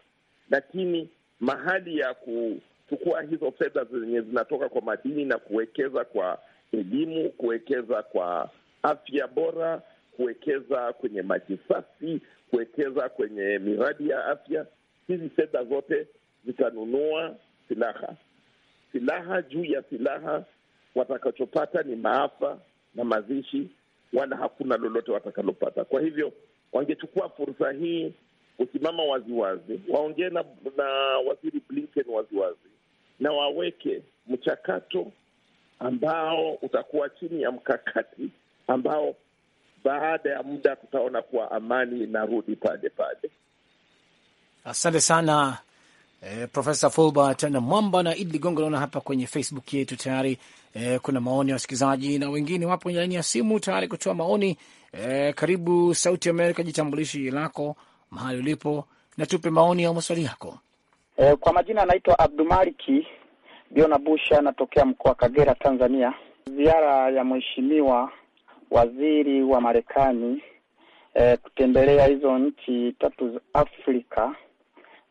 lakini mahali ya kuchukua hizo fedha zenye zinatoka kwa madini na kuwekeza kwa elimu, kuwekeza kwa afya bora, kuwekeza kwenye maji safi, kuwekeza kwenye miradi ya afya. Hizi fedha zote zitanunua silaha, silaha juu ya silaha. Watakachopata ni maafa na mazishi, wala hakuna lolote watakalopata. Kwa hivyo wangechukua fursa hii kusimama waziwazi, waongee na, na waziri Blinken waziwazi na waweke mchakato ambao utakuwa chini ya mkakati ambao baada ya muda tutaona kuwa amani inarudi pale pale. Asante sana eh, Profesa Fulbert na Mwamba na Idi Ligongo. Naona hapa kwenye Facebook yetu tayari eh, kuna maoni ya wasikilizaji na wengine wapo kwenye laini ya simu tayari kutoa maoni eh, karibu Sauti Amerika, jitambulishi lako mahali ulipo na tupe maoni au maswali yako. E, kwa majina anaitwa Abdumaliki Biona Busha, anatokea mkoa wa Kagera, Tanzania. Ziara ya mheshimiwa waziri wa Marekani e, kutembelea hizo nchi tatu za Afrika,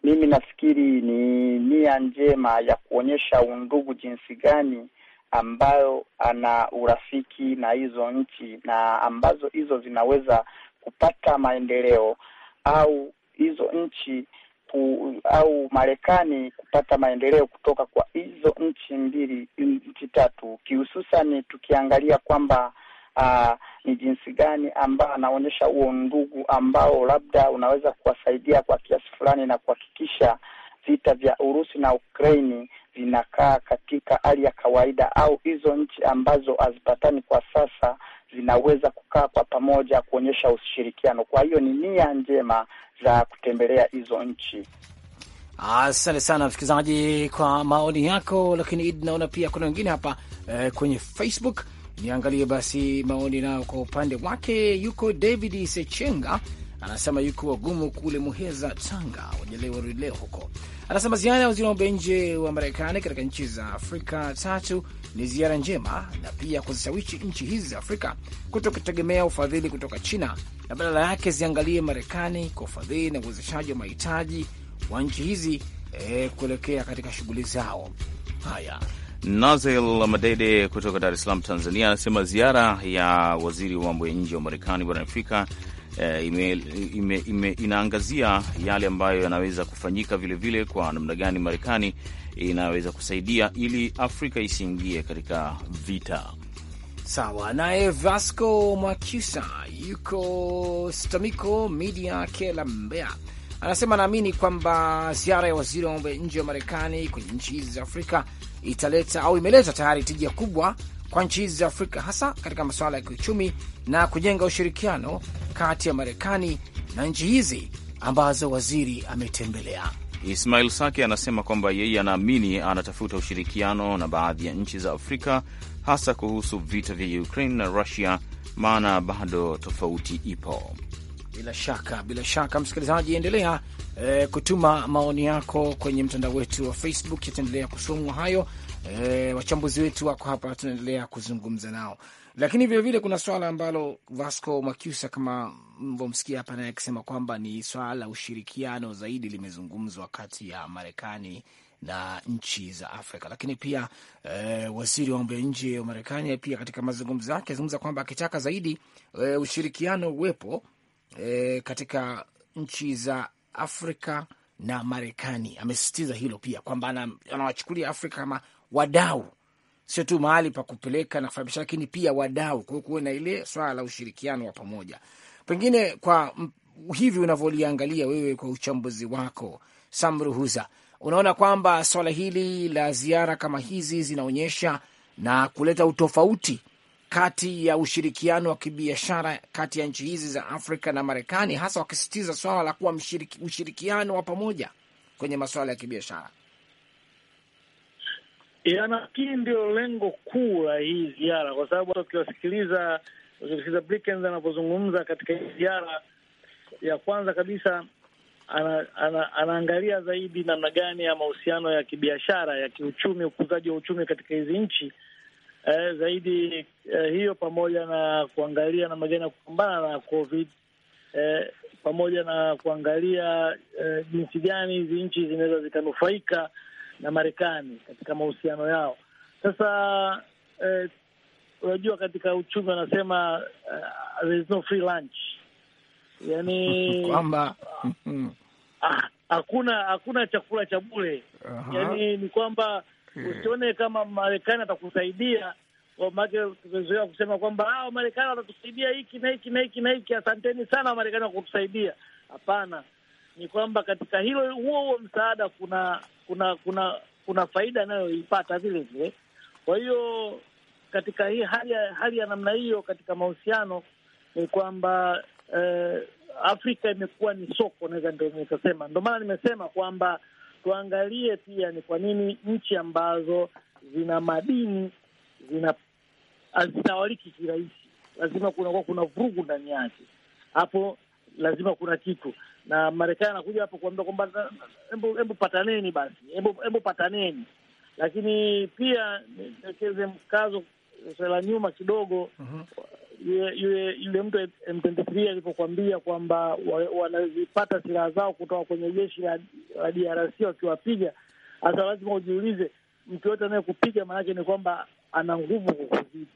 mimi nafikiri ni nia njema ya kuonyesha undugu jinsi gani ambayo ana urafiki na hizo nchi na ambazo hizo zinaweza kupata maendeleo au hizo nchi ku, au Marekani kupata maendeleo kutoka kwa hizo nchi mbili nchi tatu, kihususani tukiangalia kwamba Aa, ni jinsi gani ambao anaonyesha huo ndugu ambao labda unaweza kuwasaidia kwa kiasi fulani na kuhakikisha vita vya Urusi na Ukraini vinakaa katika hali ya kawaida, au hizo nchi ambazo hazipatani kwa sasa zinaweza kukaa kwa pamoja kuonyesha ushirikiano. Kwa hiyo ni nia njema za kutembelea hizo nchi. Asante sana msikilizaji kwa maoni yako, lakini Idi, naona pia kuna wengine hapa eh, kwenye Facebook. Niangalie basi maoni nayo kwa upande wake. Yuko David Sechenga anasema yuko wagumu kule Muheza, Tanga, wajalewa leo huko. Anasema ziara ya waziri wa mambo ya nje wa Marekani katika nchi za Afrika tatu ni ziara njema, na pia kuzisawishi nchi hizi za Afrika kuto kutegemea ufadhili kutoka China na badala yake ziangalie Marekani kwa ufadhili na uwezeshaji wa mahitaji wa nchi hizi e, kuelekea katika shughuli zao. Haya, Nazel Madede kutoka Dar es Salaam, Tanzania, anasema ziara ya waziri wa mambo ya nje wa Marekani barani Afrika eh, ime, ime, ime, inaangazia yale ambayo yanaweza kufanyika vilevile vile, kwa namna gani Marekani inaweza kusaidia ili Afrika isiingie katika vita. Sawa naye Vasco Makusa yuko Stamico Media Kela Mbea anasema anaamini kwamba ziara ya waziri wa mambo ya nje wa Marekani kwenye nchi hizi za Afrika italeta au imeleta tayari tija kubwa kwa nchi hizi za Afrika, hasa katika masuala ya kiuchumi na kujenga ushirikiano kati ya Marekani na nchi hizi ambazo waziri ametembelea. Ismail Sake anasema kwamba yeye anaamini anatafuta ushirikiano na baadhi ya nchi za Afrika hasa kuhusu vita vya Ukraine na Russia, maana bado tofauti ipo. Bila shaka, bila shaka msikilizaji, endelea e, kutuma maoni yako kwenye mtandao wetu wa Facebook. Yataendelea kusomwa hayo E, wachambuzi wetu wako hapa, tunaendelea kuzungumza nao, lakini vilevile vile kuna swala ambalo Vasco Makusa kama mlivyomsikia hapa naye akisema kwamba ni swala la ushirikiano zaidi limezungumzwa kati ya Marekani na nchi za Afrika, lakini pia e, waziri wa mambo ya nje wa Marekani pia katika mazungumzo yake azungumza kwamba akitaka zaidi e, ushirikiano uwepo e, katika nchi za Afrika na Marekani. Amesisitiza hilo pia kwamba anawachukulia Afrika kama wadau, sio tu mahali pa kupeleka na kufanya biashara, lakini pia wadau. Kwa kuwe na ile swala la ushirikiano wa pamoja. Pengine kwa hivi unavyoliangalia wewe kwa uchambuzi wako, Samruhuza, unaona kwamba swala hili la ziara kama hizi zinaonyesha na kuleta utofauti kati ya ushirikiano wa kibiashara kati ya nchi hizi za Afrika na Marekani, hasa wakisisitiza swala la kuwa ushirikiano wa pamoja kwenye masuala ya kibiashara. Ya, e, nafikiri ndio lengo kuu la hii ziara, kwa sababu hata ukiwasikiliza ukiwasikiliza Blinken anapozungumza katika hii ziara ya kwanza kabisa, ana, ana, anaangalia zaidi namna gani ya mahusiano ya kibiashara ya kiuchumi, ukuzaji wa uchumi katika hizi nchi eh, zaidi eh, hiyo pamoja na kuangalia namna gani ya kupambana na COVID eh, pamoja na kuangalia eh, jinsi gani hizi nchi zinaweza zikanufaika na Marekani katika mahusiano yao. Sasa eh, unajua katika uchumi wanasema uh, there is no free lunch, yani kwamba mm-hmm. ah, hakuna ah, hakuna chakula cha bure uh -huh. Yani ni kwamba eh. usione kama Marekani atakusaidia make tumezoea kusema kwamba ah, Marekani watatusaidia hiki na hiki na hiki na hiki, asanteni sana marekani wa kutusaidia. Hapana, ni kwamba katika hilo huo huo msaada kuna kuna kuna kuna faida anayoipata vile vile. Kwa hiyo katika hii hali, hali ya namna hiyo katika mahusiano ni kwamba eh, Afrika imekuwa ni soko, naweza ndio nikasema. Ndio maana nimesema kwamba tuangalie pia ni kwa nini nchi ambazo zina madini zina hazitawaliki kirahisi, lazima kunakuwa kuna vurugu ndani yake, hapo lazima kuna kitu na Marekani anakuja hapo kuambia kwamba hebu pataneni basi, hebu pataneni. Lakini pia nielekeze mkazo swala nyuma kidogo, mhm. yule mtu M23 alipokwambia kwamba wanazipata silaha zao kutoka kwenye jeshi la DRC wakiwapiga, hasa lazima ujiulize, mtu yote anayekupiga maanake ni kwamba ana nguvu kukuzidi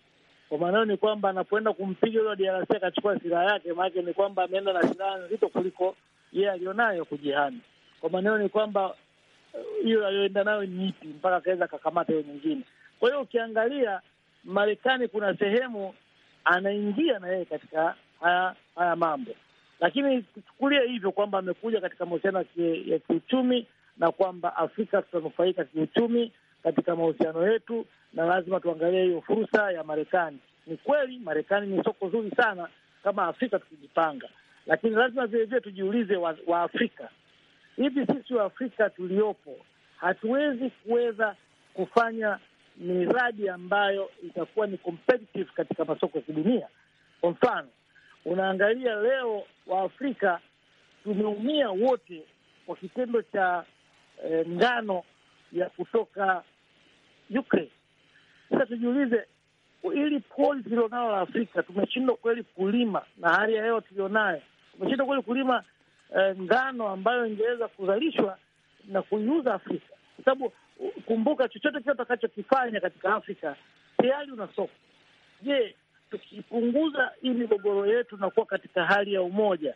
kwa maana hiyo ni kwamba anapoenda kumpiga yule wa DRC akachukua silaha yake, maanake ni kwamba ameenda na silaha nzito kuliko yeye alionayo kujihami. Kwa maneno ni kwamba eh, hiyo uh, aliyoenda nayo ni ipi mpaka akaweza akakamata hiyo nyingine. Kwa hiyo ukiangalia Marekani kuna sehemu anaingia na yeye katika haya haya mambo, lakini kuchukulia hivyo kwamba amekuja katika mahusiano ya kiuchumi na kwamba Afrika tutanufaika kiuchumi katika mahusiano yetu, na lazima tuangalie hiyo fursa ya Marekani. Ni kweli Marekani ni soko zuri sana kama Afrika tukijipanga, lakini lazima vilevile tujiulize, Waafrika wa hivi sisi Waafrika tuliopo hatuwezi kuweza kufanya miradi ambayo itakuwa ni competitive katika masoko ya kidunia. Kwa mfano, unaangalia leo Waafrika tumeumia wote kwa kitendo cha eh, ngano ya kutoka Ukraine. Sasa tujiulize ili poli tulionao la Afrika tumeshindwa kweli kulima na hali ya hewa tulionayo tumeshindwa kweli kulima eh, ngano ambayo ingeweza kuzalishwa na kuiuza Afrika, kwa sababu kumbuka, chochote kile utakachokifanya katika Afrika tayari una soko. Je, tukipunguza hii migogoro yetu na kuwa katika hali ya umoja,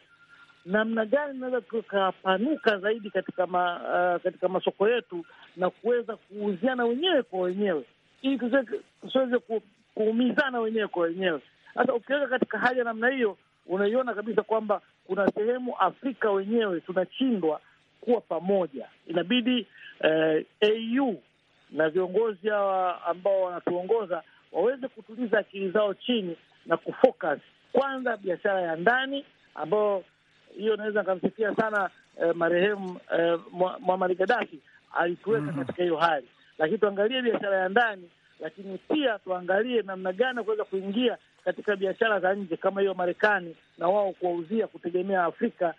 namna gani tunaweza tukapanuka zaidi katika ma, uh, katika masoko yetu na kuweza kuuziana wenyewe kwa wenyewe ili tusiweze kuumizana wenyewe kwa wenyewe. hasa ukiweka katika hali ya namna hiyo, unaiona kabisa kwamba kuna sehemu Afrika wenyewe tunachindwa kuwa pamoja. Inabidi eh, AU na viongozi hawa ambao wanatuongoza waweze kutuliza akili zao chini na kufocus kwanza biashara ya ndani, ambayo hiyo naweza nikamsifia sana eh, marehemu eh, Muammar Gaddafi alituweka mm -hmm. katika hiyo hali, lakini tuangalie biashara ya ndani, lakini pia tuangalie namna gani kuweza kuingia katika biashara za nje kama hiyo Marekani, na wao kuwauzia kutegemea Afrika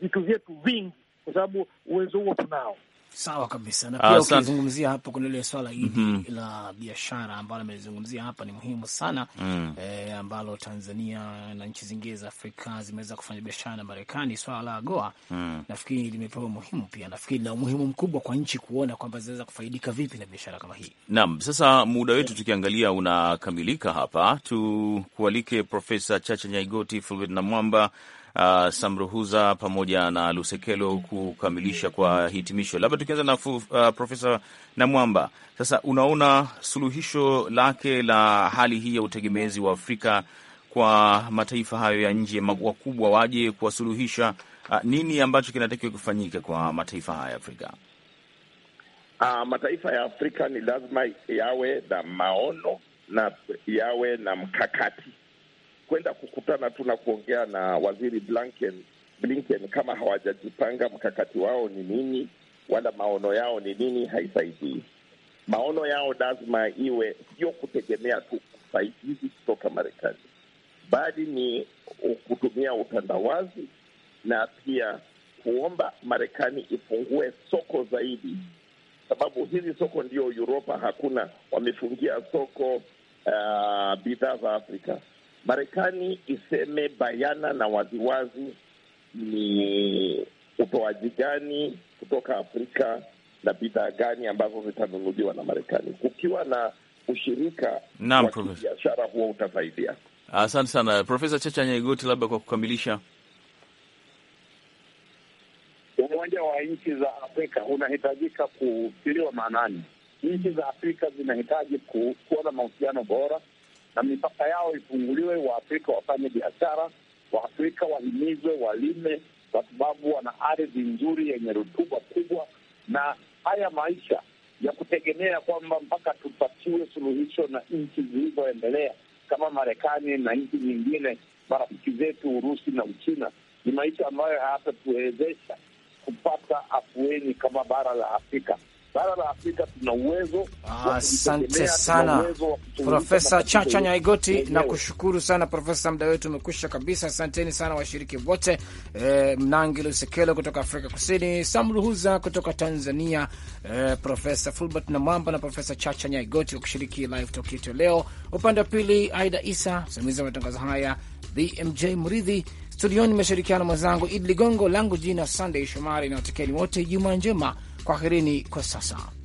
vitu vyetu vingi, kwa sababu uwezo huo tunao. Sawa kabisa na pia ukizungumzia hapo kuna ile swala hili mm -hmm. la biashara ambalo amezungumzia hapa ni muhimu sana mm. E, ambalo Tanzania na nchi zingine za Afrika zimeweza kufanya biashara na Marekani. Swala la AGOA mm. nafikiri limepewa umuhimu pia, nafikiri na umuhimu mkubwa kwa nchi kuona kwamba zinaweza kufaidika vipi na biashara kama hii. Naam, sasa muda wetu tukiangalia unakamilika hapa, tukualike Profesa Chacha Nyaigoti Fulbert na Mwamba uh, Samruhuza pamoja na Lusekelo kukamilisha kwa hitimisho. Labda tukianza na uh, Profesa Namwamba, sasa unaona suluhisho lake la hali hii ya utegemezi wa Afrika kwa mataifa hayo ya nje wakubwa waje kuwasuluhisha, uh, nini ambacho kinatakiwa kufanyika kwa mataifa haya ya Afrika? Uh, mataifa ya Afrika ni lazima yawe na maono na yawe na mkakati kwenda kukutana tu na kuongea na waziri Blinken, Blinken kama hawajajipanga mkakati wao ni nini wala maono yao ni nini, haisaidii. Maono yao lazima iwe sio kutegemea tu usaidizi kutoka Marekani, bali ni kutumia utandawazi na pia kuomba Marekani ifungue soko zaidi, sababu hizi soko ndiyo Uropa hakuna, wamefungia soko uh, bidhaa za Afrika. Marekani iseme bayana na waziwazi ni utoaji gani kutoka Afrika na bidhaa gani ambazo zitanunuliwa na Marekani. Kukiwa na ushirika wa kibiashara, huo utasaidia. Asante sana Profesa Chacha Nyaigoti, labda kwa kukamilisha Umoja wa nchi za Afrika unahitajika kutiliwa maanani. Nchi za Afrika zinahitaji kuwa na mahusiano bora na mipaka yao ifunguliwe, Waafrika wafanye biashara, Waafrika wahimizwe walime, kwa sababu wana ardhi nzuri yenye rutuba kubwa. Na haya maisha ya kutegemea kwamba mpaka tupatiwe suluhisho na nchi zilizoendelea kama Marekani na nchi nyingine marafiki zetu Urusi na Uchina ni maisha ambayo hayatatuwezesha kupata afueni kama bara la Afrika bara la Afrika tuna uwezo. Ah, asante sana Profesa Chacha Nyaigoti, na kushukuru sana Profesa, muda wetu umekwisha kabisa. Asanteni sana washiriki wote e, Mnangi Lusekelo kutoka Afrika Kusini, Samruhuza kutoka Tanzania, e, Profesa Fulbert Namwamba na Profesa Chacha Nyaigoti wakushiriki live talk yetu leo. Upande wa pili, Aida Isa msimamizi wa matangazo haya, BMJ Mridhi studioni, nimeshirikiana mwenzangu Idi Ligongo, langu jina Sunday Shomari na watekeni wote, juma njema. Kwaherini kwa sasa.